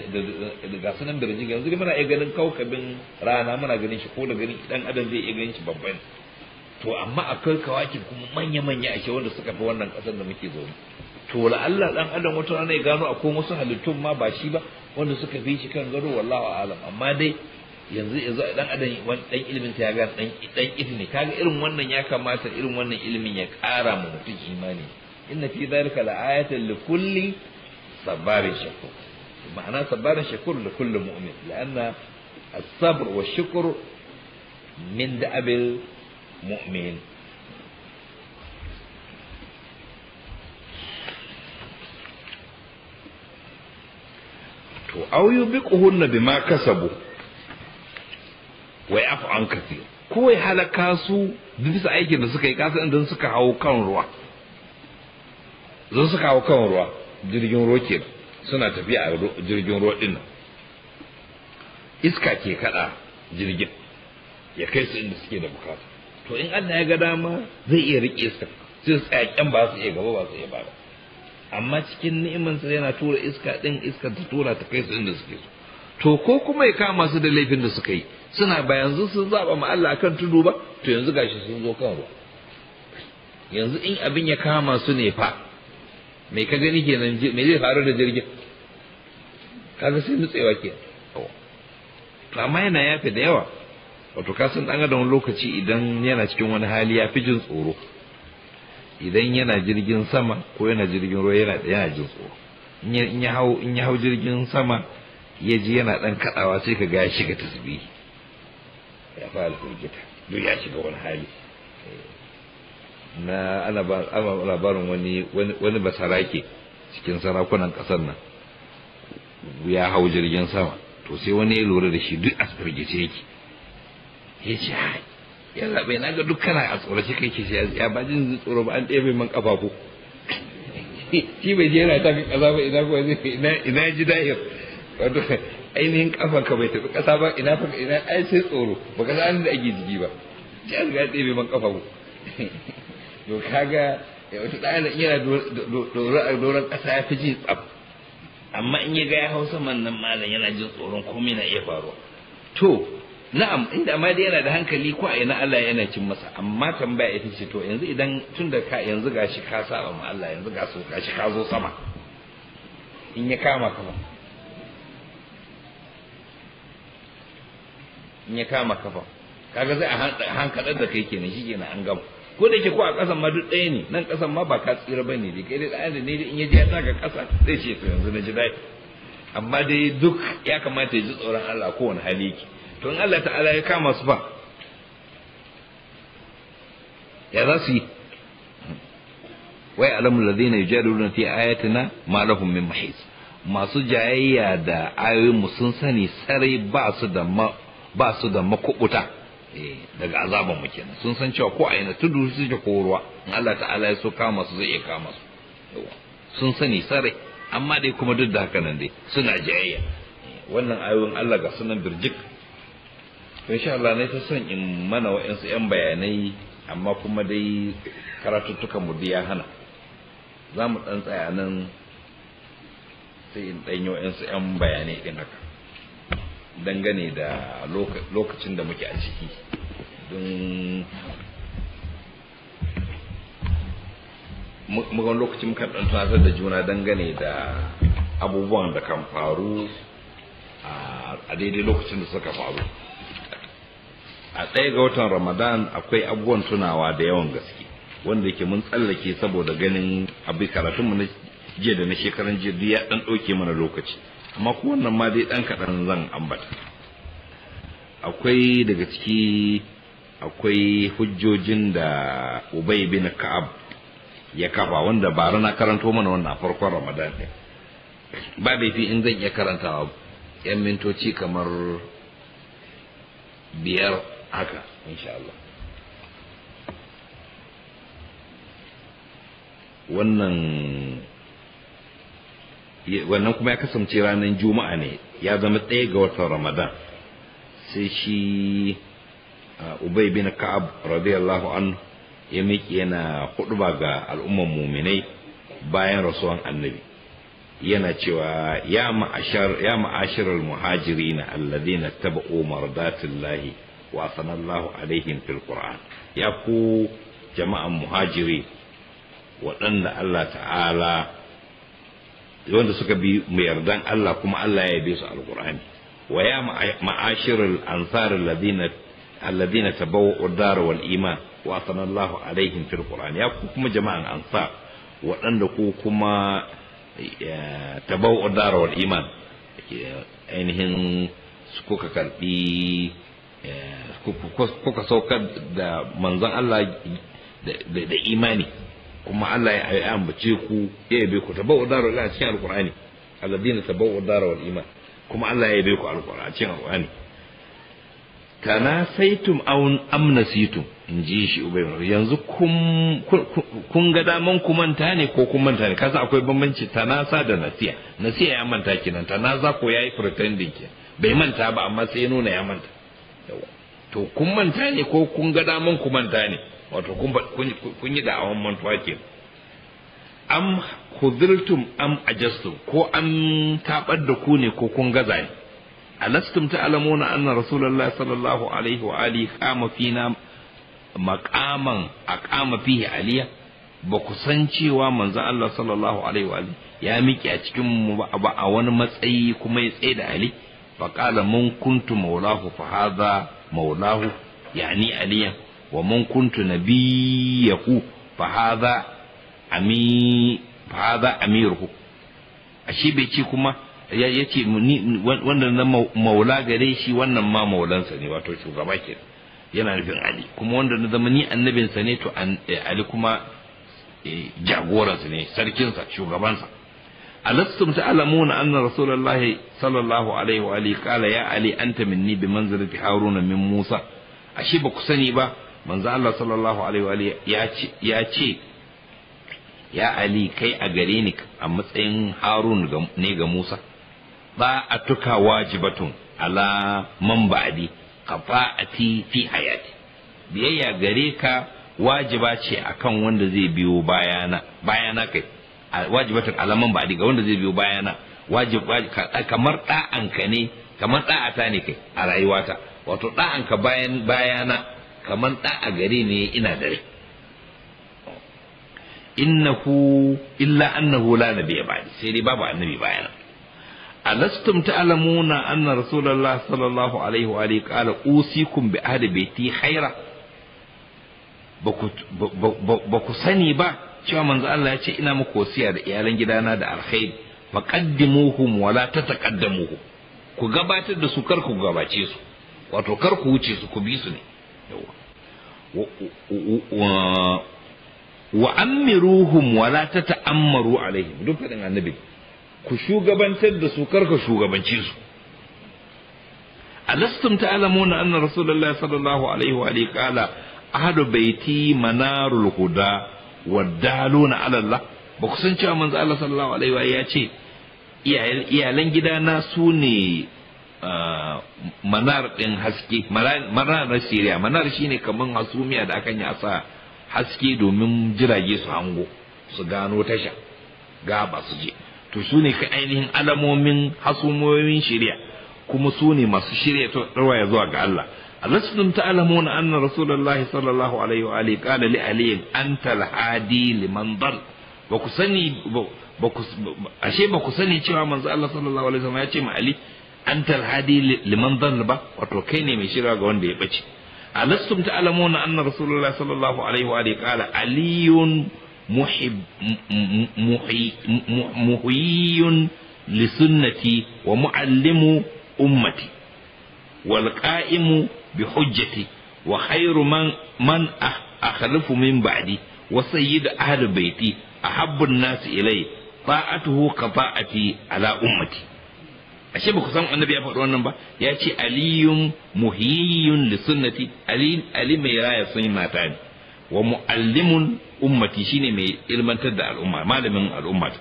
da gasu nan da rijiga yanzu muna iya ganin kaukabin rana muna ganin shi ko da ganin dan adam zai iya ganin shi babban to amma akwai kawaki kuma manya manya a wanda suka fi wannan kasar da muke zaune to la Allah dan adam wata rana ya gano akwai wasu halittun ma ba shi ba wanda suka fi shi kan gado wallahi alam amma dai yanzu yanzu dan adam dan ilimin ta ga dan dan ilimi kaga irin wannan ya kamata irin wannan ilimin ya kara mu mutum imani inna fi dhalika la'ayatan li kulli sabarin shakur ma'ana sabarin shakur li kulli mu'min la'anna as wa shukr min da'abil mu'min to aw yubiquhunna bima kasabu wa yafu an kathir ko ya halaka su bisa aikin da suka yi kasa idan suka hau kan ruwa zo suka hau kan ruwa jirgin ruwa ke suna tafiya a jirgin ruwa din iska ke kada jirgin ya kai su inda suke da bukata to in Allah ya ga dama zai iya rike su sai tsayakken ba su iya gaba ba su iya ba amma cikin sa yana tura iska din iska ta tura ta kai su inda suke so to ko kuma ya kama su da laifin da suka yi suna ba yanzu sun zaba ma Allah akan tudu ba to yanzu gashi sun zo kan ruwa yanzu in abin ya kama su ne fa Mai ka gani kenan me zai faru da jirgin kaga sai nutsewa ke to amma yana yafe da yawa wato san dan adam lokaci idan yana cikin wani hali ya fi jin tsoro idan yana jirgin sama ko yana jirgin ruwa yana yana jin tsoro in ya hau in ya hau jirgin sama ya ji yana dan kadawa sai ka ga ya shiga tasbihi ya fara firgita duk ya shiga wani hali eh. na ana ba labarin wani wani basarake cikin sarakunan kasar nan ya hau jirgin sama to sai wani ya lura da shi duk a firgice yake ya ce ya zaɓe na ga dukkan a tsoro shi kai ke ya ba jin tsoro ba an ɗebe man ƙafafu shi bai je yana tafi ƙasa ba ina kuma ina ji dahir wato ainihin ƙafa ka bai tafi ƙasa ba ina fa ina ai sai tsoro ba ka san da ake jigi ba an ga ɗebe man ƙafafu to kaga wato da yana doron ƙasa ya fi ji tsaf amma in ya ga ya hausa man nan malam yana jin tsoron komai na iya faruwa to na'am inda amma dai yana da hankali ko a ina Allah yana cin masa amma tambaya ita ce to yanzu idan tun da ka yanzu gashi ka saba ma Allah yanzu ga so gashi ka zo sama in ya kama kama in ya kama ka kaga zai a hankalar da kai kenan shi kenan an gama ko da yake ko a ƙasan ma duk ɗaya ne nan ƙasan ma ba ka tsira ba ne kai dai da ne in ya ji ya ga ƙasa zai ce to yanzu na ji daɗi amma dai duk ya kamata ya ji tsoron Allah kowane hali yake to in Allah ta'ala ya kama su ba ya za su yi wai alamul ladina yujadiluna fi ayatina ma lahum min mahis masu jayayya da ayoyin mu sun sani sarai ba su da makubuta Eh, daga azaban mu kenan sun san cewa ko a yana tudu suke ko ruwa in Allah ta'ala ya so kama su zai iya kama su sun sani sarai amma dai kuma duk da haka nan dai suna jayayya eh, wannan ayoyin Allah ga sunan birjik insha Allah ne ta son in mana wa'ansu yan bayanai amma kuma dai karatuttukan mu ya hana za mu dan tsaya nan sai in ɗanyo wa'ansu yan bayanai ɗin haka dangane da lokacin da muke a ciki don mukan lokacin muka ɗan tunatar da juna dangane da abubuwan da kan faru a daidai lokacin da suka faru a ɗaya ga watan ramadan akwai abubuwan tunawa da yawan gaske wanda yake mun tsallake saboda ganin abin karatunmu na jiya da na shekaran jiya ya ɗan ɗauke mana lokaci amma ko wannan ma dai ɗan kaɗan zan ambata akwai daga ciki akwai hujjojin da ubay bin ka'ab ya kafa wanda bara na karanto mana wannan farkon ramadan ne ba in zan iya karantawa yan mintoci kamar biyar haka insha Allah wannan wannan kuma ya kasance ranar juma'a ne ya zama ɗaya ga watan ramadan sai shi Ubai bin ka'ab radiyallahu anhu ya miƙe yana huɗuba ga al'umman muminai bayan rasuwan annabi yana cewa ya ma'ashar ya ma'ashiral muhajirina alladhina taba'u mardatillahi wa sanallahu alaihim fil qur'an ya ku jama'an muhajiri waɗanda Allah ta'ala wanda suka bi mai yardan Allah kuma Allah ya bi su alqur'ani wa ya ma'ashirul ansar alladhina alladhina tabawwa'u dar wal iman wa sanallahu Allah alaihim fil qur'an ya ku kuma jama'an ansar waɗanda ku kuma tabawwa'u dar wal iman ainihin su kuka karbi kuka saukar da manzon Allah da imani kuma Allah ya ambace ku ya yabe ku tabawu daru ila cikin alqur'ani alladina tabawu daru wal iman kuma Allah ya yabe ku alqur'ani cikin alqur'ani kana saitum aw amnasitum in ji shi ubai yanzu kun kun ga daman ku manta ne ko kun manta ne kasa akwai bambanci tanasa da nasiya nasiya ya manta kinan tanasa ko yayi pretending ke bai manta ba amma sai ya nuna ya manta to kun manta ne ko kun ga daman ku manta ne wato kun yi da'awan mantuwa ke am khudhiltum am ajastum ko an tabar da ku ne ko kun gaza ne alastum ta'lamuna anna rasulullahi sallallahu alaihi wa alihi fi fina maqaman aqama fihi aliya ba ku san cewa manzo Allah sallallahu alaihi wa alihi ya miki a cikin mu ba a wani matsayi kuma ya tsaye da ali fa qala mun kuntu maulahu fa hadha maulahu yani aliyan wa man kuntu nabiyahu fa hadha ami fa hadha amiruhu ashe bai ce kuma yace wannan na maula gare shi wannan ma maulansa ne wato shugaba ke yana nufin ali kuma wanda na zama ni annabinsa ne to eh, ali kuma eh, jagoransa ne sarkinsa shugabansa alastum ta'lamuna anna rasulullahi sallallahu alaihi wa alihi qala ya ali anta minni bi manzilati haruna min musa ashe ba ku sani ba manzo Allah sallallahu alaihi wa ya ce ya ce ya ali kai a gare ni a matsayin harun ne ga musa ba a tuka wajibatun ala man ba'di qafa'ati fi hayati biyayya gare ka wajiba ce akan wanda zai biyo bayana bayana kai wajibatun alaman ba'di ga wanda zai biyo bayana wajib kamar da'anka ne kamar da'ata ne kai a rayuwata wato da'anka bayan bayana kamar ɗa a gari ne ina dare innahu illa annahu la nabiyya ba'di sai dai babu annabi bayana alastum ta'lamuna anna rasulullahi sallallahu alaihi wa alihi qala usikum bi ahli baiti khaira ba ku sani ba cewa manzo Allah ya ce ina muku wasiya da iyalan gidana da alkhairi faqaddimuhum wa la tataqaddamuhum ku gabatar da su kar ku gabace su wato kar ku wuce su ku bi su ne wa amiruhum wa la tata'ammaru alaihim duk fadin annabi ku shugabantar da su karka shugabanci su alastum ta'lamuna anna rasulullahi sallallahu alaihi wa alihi qala ahadu baiti manarul huda wa daluna ala Allah ba ku san cewa manzo Allah sallallahu alaihi wa ya ce iyalan gidana su ne Uh, manar ɗin haske manar na siriya manar shine kamar hasumiya da akan ya sa haske domin jirage su hango su gano tasha ga ba su je to su ne ka ainihin alamomin hasumoyin shirya kuma su ne masu shirya ta rawaya zuwa ga Allah alastum ta'lamuna anna rasulullahi sallallahu alaihi wa alihi qala li ali anta al-hadi liman dal ba ku sani ba ku ashe ba ku sani cewa manzo Allah sallallahu alaihi wa wasallam ya ce ma ali antal hadi liman dhalla wato kai ne mai shirya ga wanda ya bace alastum ta'lamuna anna rasulullah sallallahu alaihi wa alihi qala aliyun muhib li sunnati wa muallimu ummati wal qa'imu bi hujjati wa khairu man man ah, akhlifu min ba'di wa sayyidu ahli baiti ahabbu an-nas ilai ta'atuhu ka ta'ati ala ummati ashe ba ku san annabi ya faɗi wannan ba ya ce aliyun muhiyyun li sunnati ali ali mai raya sunna ta ne wa muallimun ummati shine mai ilmantar da al'umma malamin al'umma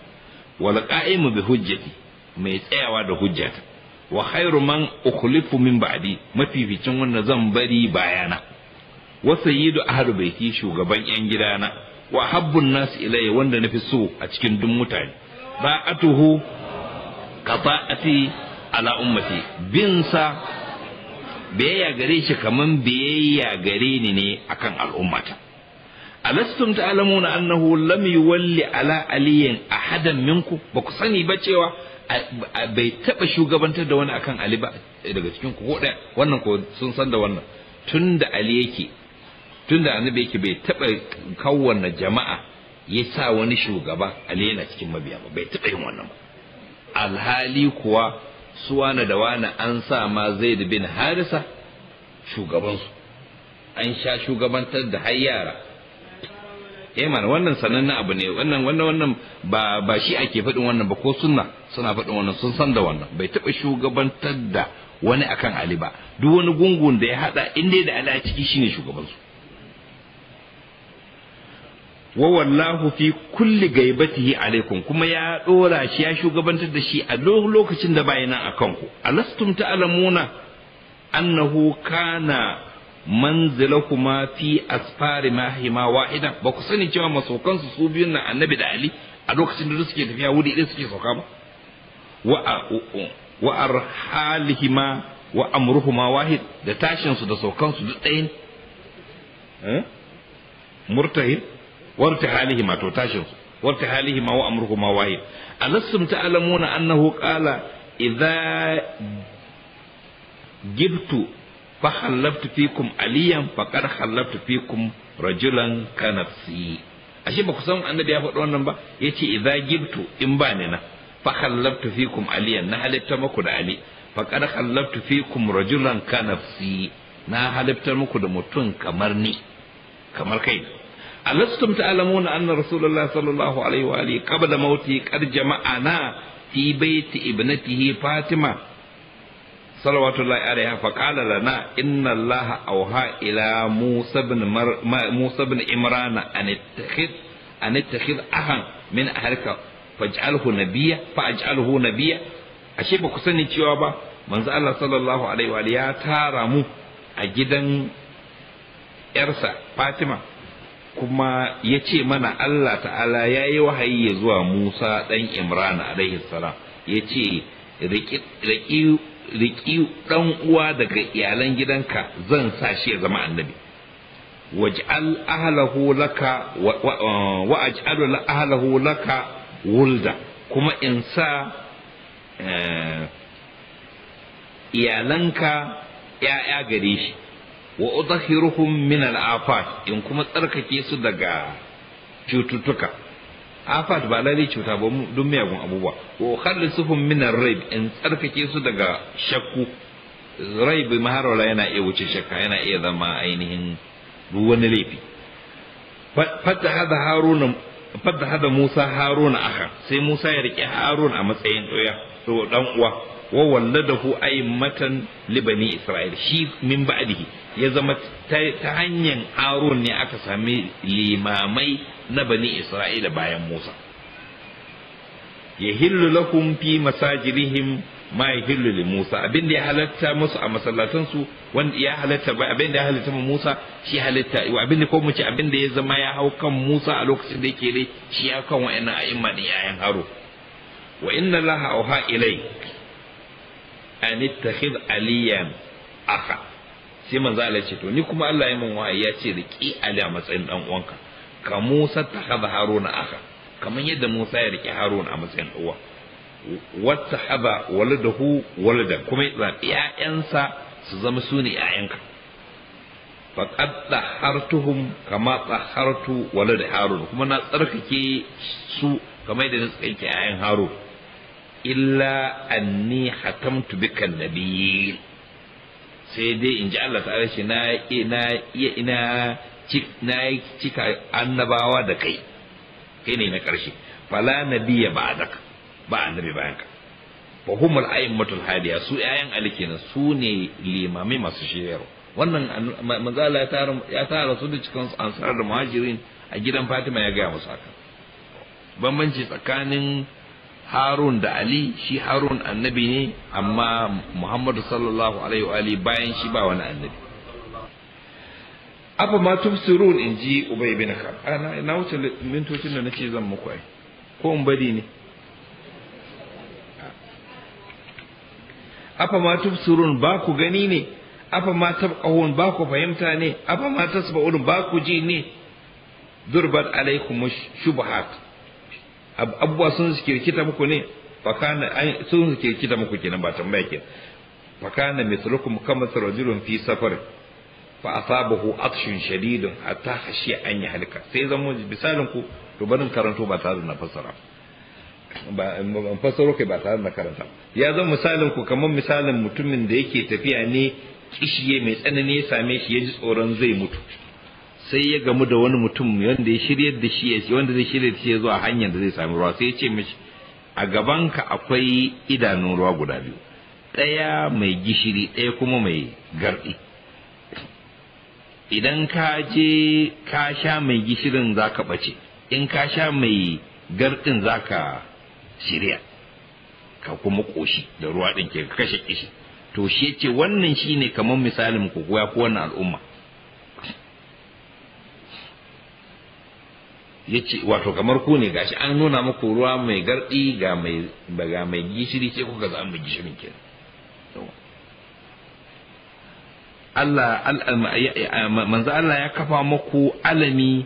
wal qa'imu bi hujjati mai tsayawa da hujjata wa khairu man ukhlifu min ba'di mafificin wanda zan bari bayana wa sayyidu ahlu baiti shugaban yan gidana wa habbun nas ilayya wanda nafi so a cikin duk mutane ba'atuhu qata'ati ala ummati bin sa biyayya gare shi kaman biyayya gare ni ne akan al'ummata alastum ta'lamuna annahu lam yuwalli ala aliyin ahadan minku ba ku sani ba cewa bai taba shugabantar da wani akan ali ba daga cikin ku ko wannan ko sun san da wannan tunda ali yake tunda annabi yake bai taba kawwana jama'a ya sa wani shugaba ali yana cikin mabiya ba bai taba yin wannan ba alhali kuwa suwana da wani an sa ma zaid bin harisa shugabansu an sha shugabantar da har yara eh mana wannan sanannen abu ne wannan wannan wannan ba ba shi ake faɗin wannan ba ko sunna suna faɗin wannan sun san da wannan bai taɓa shugabantar da wani akan ali ba duk wani gungun da ya haɗa inda da ali a ciki shine shugabansu wa wallahu fi kulli gaibatihi alaikum kuma ya dora shi ya shugabantar da shi a lokacin da a nan akan ku alastum ta'lamuna annahu kana manzilakuma fi asfari mahima wahida ba ku sani cewa masaukan su su biyun nan annabi da ali a lokacin da suke tafiya wuri idan suke sauka ba wa wa arhalihima wa amruhuma wahid da tashin su da saukan su duk ɗaya eh? murtahin warta halihi ma to tashin su warta halihi ma wa amruhu ma wahid alastum ta'lamuna annahu qala idza gibtu fa halaftu fikum aliyan fa faqad halaftu fikum rajulan kanafsi ashe ba ku san annabi ya faɗi wannan ba yace idza gibtu in ba ni na fa halaftu fikum aliyan na halitta muku da ali fa faqad halaftu fikum rajulan kanafsi na halittar muku da mutum kamar ni kamar kai alastum ta'lamuna anna rasulullahi sallallahu alaihi wa alihi qabla mauti qad jama'ana fi baiti ibnatihi fatima salawatullahi alaiha fa qala lana inna allaha auha ila musa ibn musa ibn imrana an ittakhid an ittakhid ahan min ahlika faj'alhu nabiyya fa'alhu nabiyya ashe ba ku sani cewa ba manzo Allah sallallahu alaihi ya tara mu a gidan yarsa Fatima kuma ya ce mana Allah ta'ala ya yi wahayi ya zuwa Musa ɗan Imran alaihi salam ya ce riƙi ɗan uwa daga iyalan gidanka zan sa shi ya zama annabi waj'al ahlahu laka wa uh, wulda kuma in sa eh, iyalanka ya gare shi wa udhhiruhum min al-afat in kuma tsarkake su daga cututtuka afat ba lalle cuta ba don miyagun abubuwa wa khallisuhum min ar rayb in tsarkake su daga shakku raib maharola yana iya wuce shakka yana iya zama ainihin duk wani laifi fadda hada haruna fadda hada musa haruna aka sai musa ya rike harun a matsayin doya to dan uwa wa walladahu matan libani isra'il shi min ba'dihi ya zama ta hanyar aron ne aka sami limamai na bani isra'ila bayan musa ya hillu lakum fi masajirihim ma ya hillu li musa abin da ya halatta musu a masallatansu wanda ya halatta abin da ya halatta ma musa shi halatta abin da ko mu ce abin da ya zama ya hau kan musa a lokacin da yake dai, shi ya kan wa'annan a'imma din yayan haro wa inna laha auha ilai an ittakhid aliyan aka sai manzo Allah ce to ni kuma Allah ya min wa'ayi ya ce riki Ali a matsayin dan uwanka ka Musa ta haba Haruna aka kamar yadda Musa ya riki Haruna a matsayin uwa wata haba waladahu walada kuma ya zaɓi ‘ya'yansa su zama su ne ‘ya'yanka faƙad tahartuhum kama tahartu walad harun kuma na tsarkake su kamar yadda na tsarkake ‘ya'yan harun illa anni hatamtu bikan nabiyyin sai dai in ji Allah ta'ala shi na ina ina na cika annabawa da kai kai ne na ƙarshe fala nabiyya ba'daka ba annabi bayan ka fa humul a'immatul hadiya su yayan alikina su ne limamai masu shiryarwa wannan manzala ya tara ya tara su da cikin ansar da muhajirin a gidan Fatima ya gaya musu haka bambanci tsakanin harun da ali shi harun annabi ne amma muhammadu sallallahu alaihi wa bayan shi ba wani annabi abu ma tufsirun in ji ubay bin kab ana na wuce mintocin da nace zan muku ai ko in bari ne afa ma tufsirun ba ku gani ne afa ma tabqahun ba ku fahimta ne afa ma tasba'un ba ku ji ne durbat alaikum shubhat abubuwa sun kirkita muku ne fakana sun kirkita muku kenan ba tambaya ke fakana mithlukum kama rajulun fi safar fa asabahu atshun shadidun hatta khashiya an ya halka sai zan mu misalin ku to barin karanto ba tare na fassara ba ban fassaro kai ba tare na karanta ya zama misalin ku kamar misalin mutumin da yake tafiya ne kishiye mai tsanani ya same shi ya ji tsoron zai mutu sai ya gamu da wani mutum wanda ya shirya da shi wanda zai shirya da shi ya zuwa hanyar da zai sami ruwa sai ya ce mishi a ka akwai idanun ruwa guda biyu ɗaya mai gishiri ɗaya kuma mai garɗi idan ka je ka sha mai gishirin za ka ɓace in ka sha mai garɗin za ka shirya ka kuma ƙoshi da ruwa ɗin ke kashe kishi to shi ce wannan shi ne kamar misalin ku ko wannan al'umma yace wato kamar ku ne gashi an nuna muku ruwa mai gardi ga mai ga mai gishiri ce kuka za an gishirin ke. Allah manzo Allah ya kafa muku alami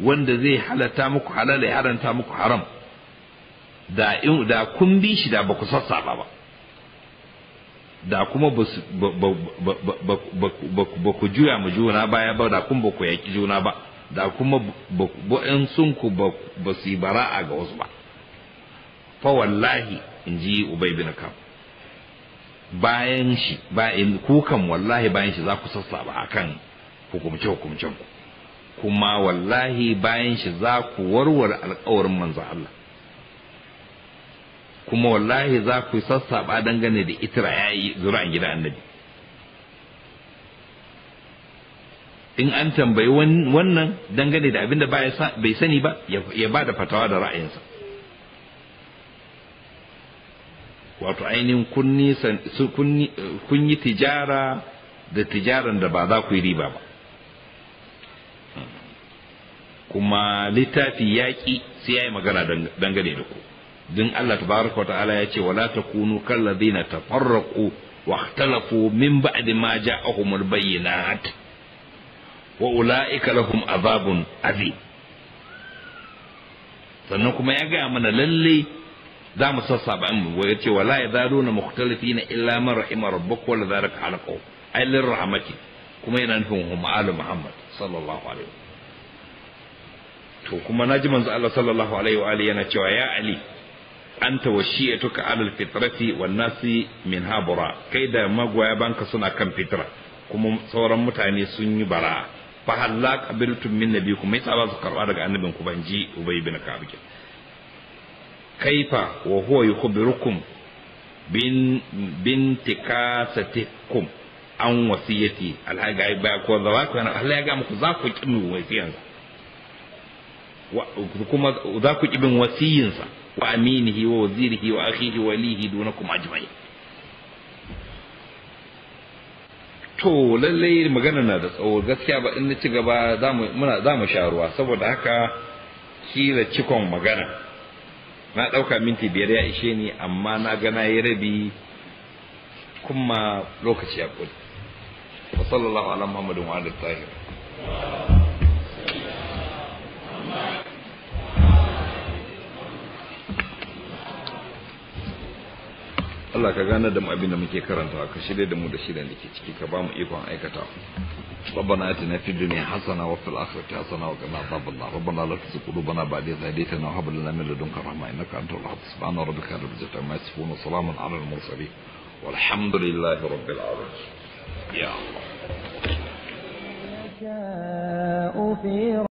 wanda zai halatta muku halal ya haranta muku haram da in da kun bi shi da ba ku sassaba ba da kuma ba ku juya mu juna baya ba da kun ba ku yaki juna ba da kuma sunku ba su yi bara'a ga wasu ba fa wallahi in ji ubai bin kam. bayan shi bayan kukan wallahi bayan shi za ku a kan hukumce hukumcen ku kuma wallahi bayan shi za ku warware alkawarin manzo Allah kuma wallahi za ku ba dangane da itira yayi zuran gidan annabi in an tambayi wannan dangane da abin da bai sani ba ya ba da fatawa da ra'ayinsa wato ainihin kun yi tijara da tijaran da ba za ku yi riba ba kuma littafi yaƙi sai ya yi magana dangane da ku don Allah tabaraka wa ta'ala ya ce wala takunu kallazina tafarraqu wa ikhtalafu min ba'di ma ja'ahumul bayyinat wa ula'ika lahum azabun azi. sannan kuma ya gaya mana lalle za mu sassaba mu ya ce wala ya zalo na mukhtalifina illa man rahima rabbuk wala zalika ala qaw ay lir rahmati kuma yana nufin umma ali muhammad sallallahu alaihi to kuma naji manzo Allah sallallahu alaihi wa alihi yana cewa ya ali anta washiyatuka ala alfitrati wan nasi min habura kai da magoya banka suna kan fitra kuma sauran mutane sun yi bara'a fa halla qabiltum min nabiyikum mai tsaba su karba daga annabin ku banji ubay bin ka'ab ke kaifa wa huwa yukhbirukum bin bintikasatikum an wasiyati alhaga ba ko zawa ku yana Allah ya ga muku za ku ki wasiyan wa kuma za ku kibin bin wasiyinsa wa aminihi wa wazirihi wa akhihi walihi dunakum ajma'in to lallai magana na da tsawo gaskiya ba in na ci gaba za mu sha ruwa saboda haka kila cikon magana na ɗauka minti biyar ya ishe ni amma na gana ya rabi kuma lokaci ya kuli wa ala muhammadin wa Allah ka gane da mu abin da muke karantawa ka shirye da mu da shirin da ke ciki ka ba mu ikon aikata ربنا اتنا في الدنيا حسنه وفي الاخره حسنه وقنا عذاب النار ربنا لا تزغ قلوبنا بعد اذ هديتنا وهب لنا من لدنك رحمه انك انت الوهاب سبحان ربك رب العزه عما يصفون وسلام على المرسلين والحمد لله رب العالمين يا الله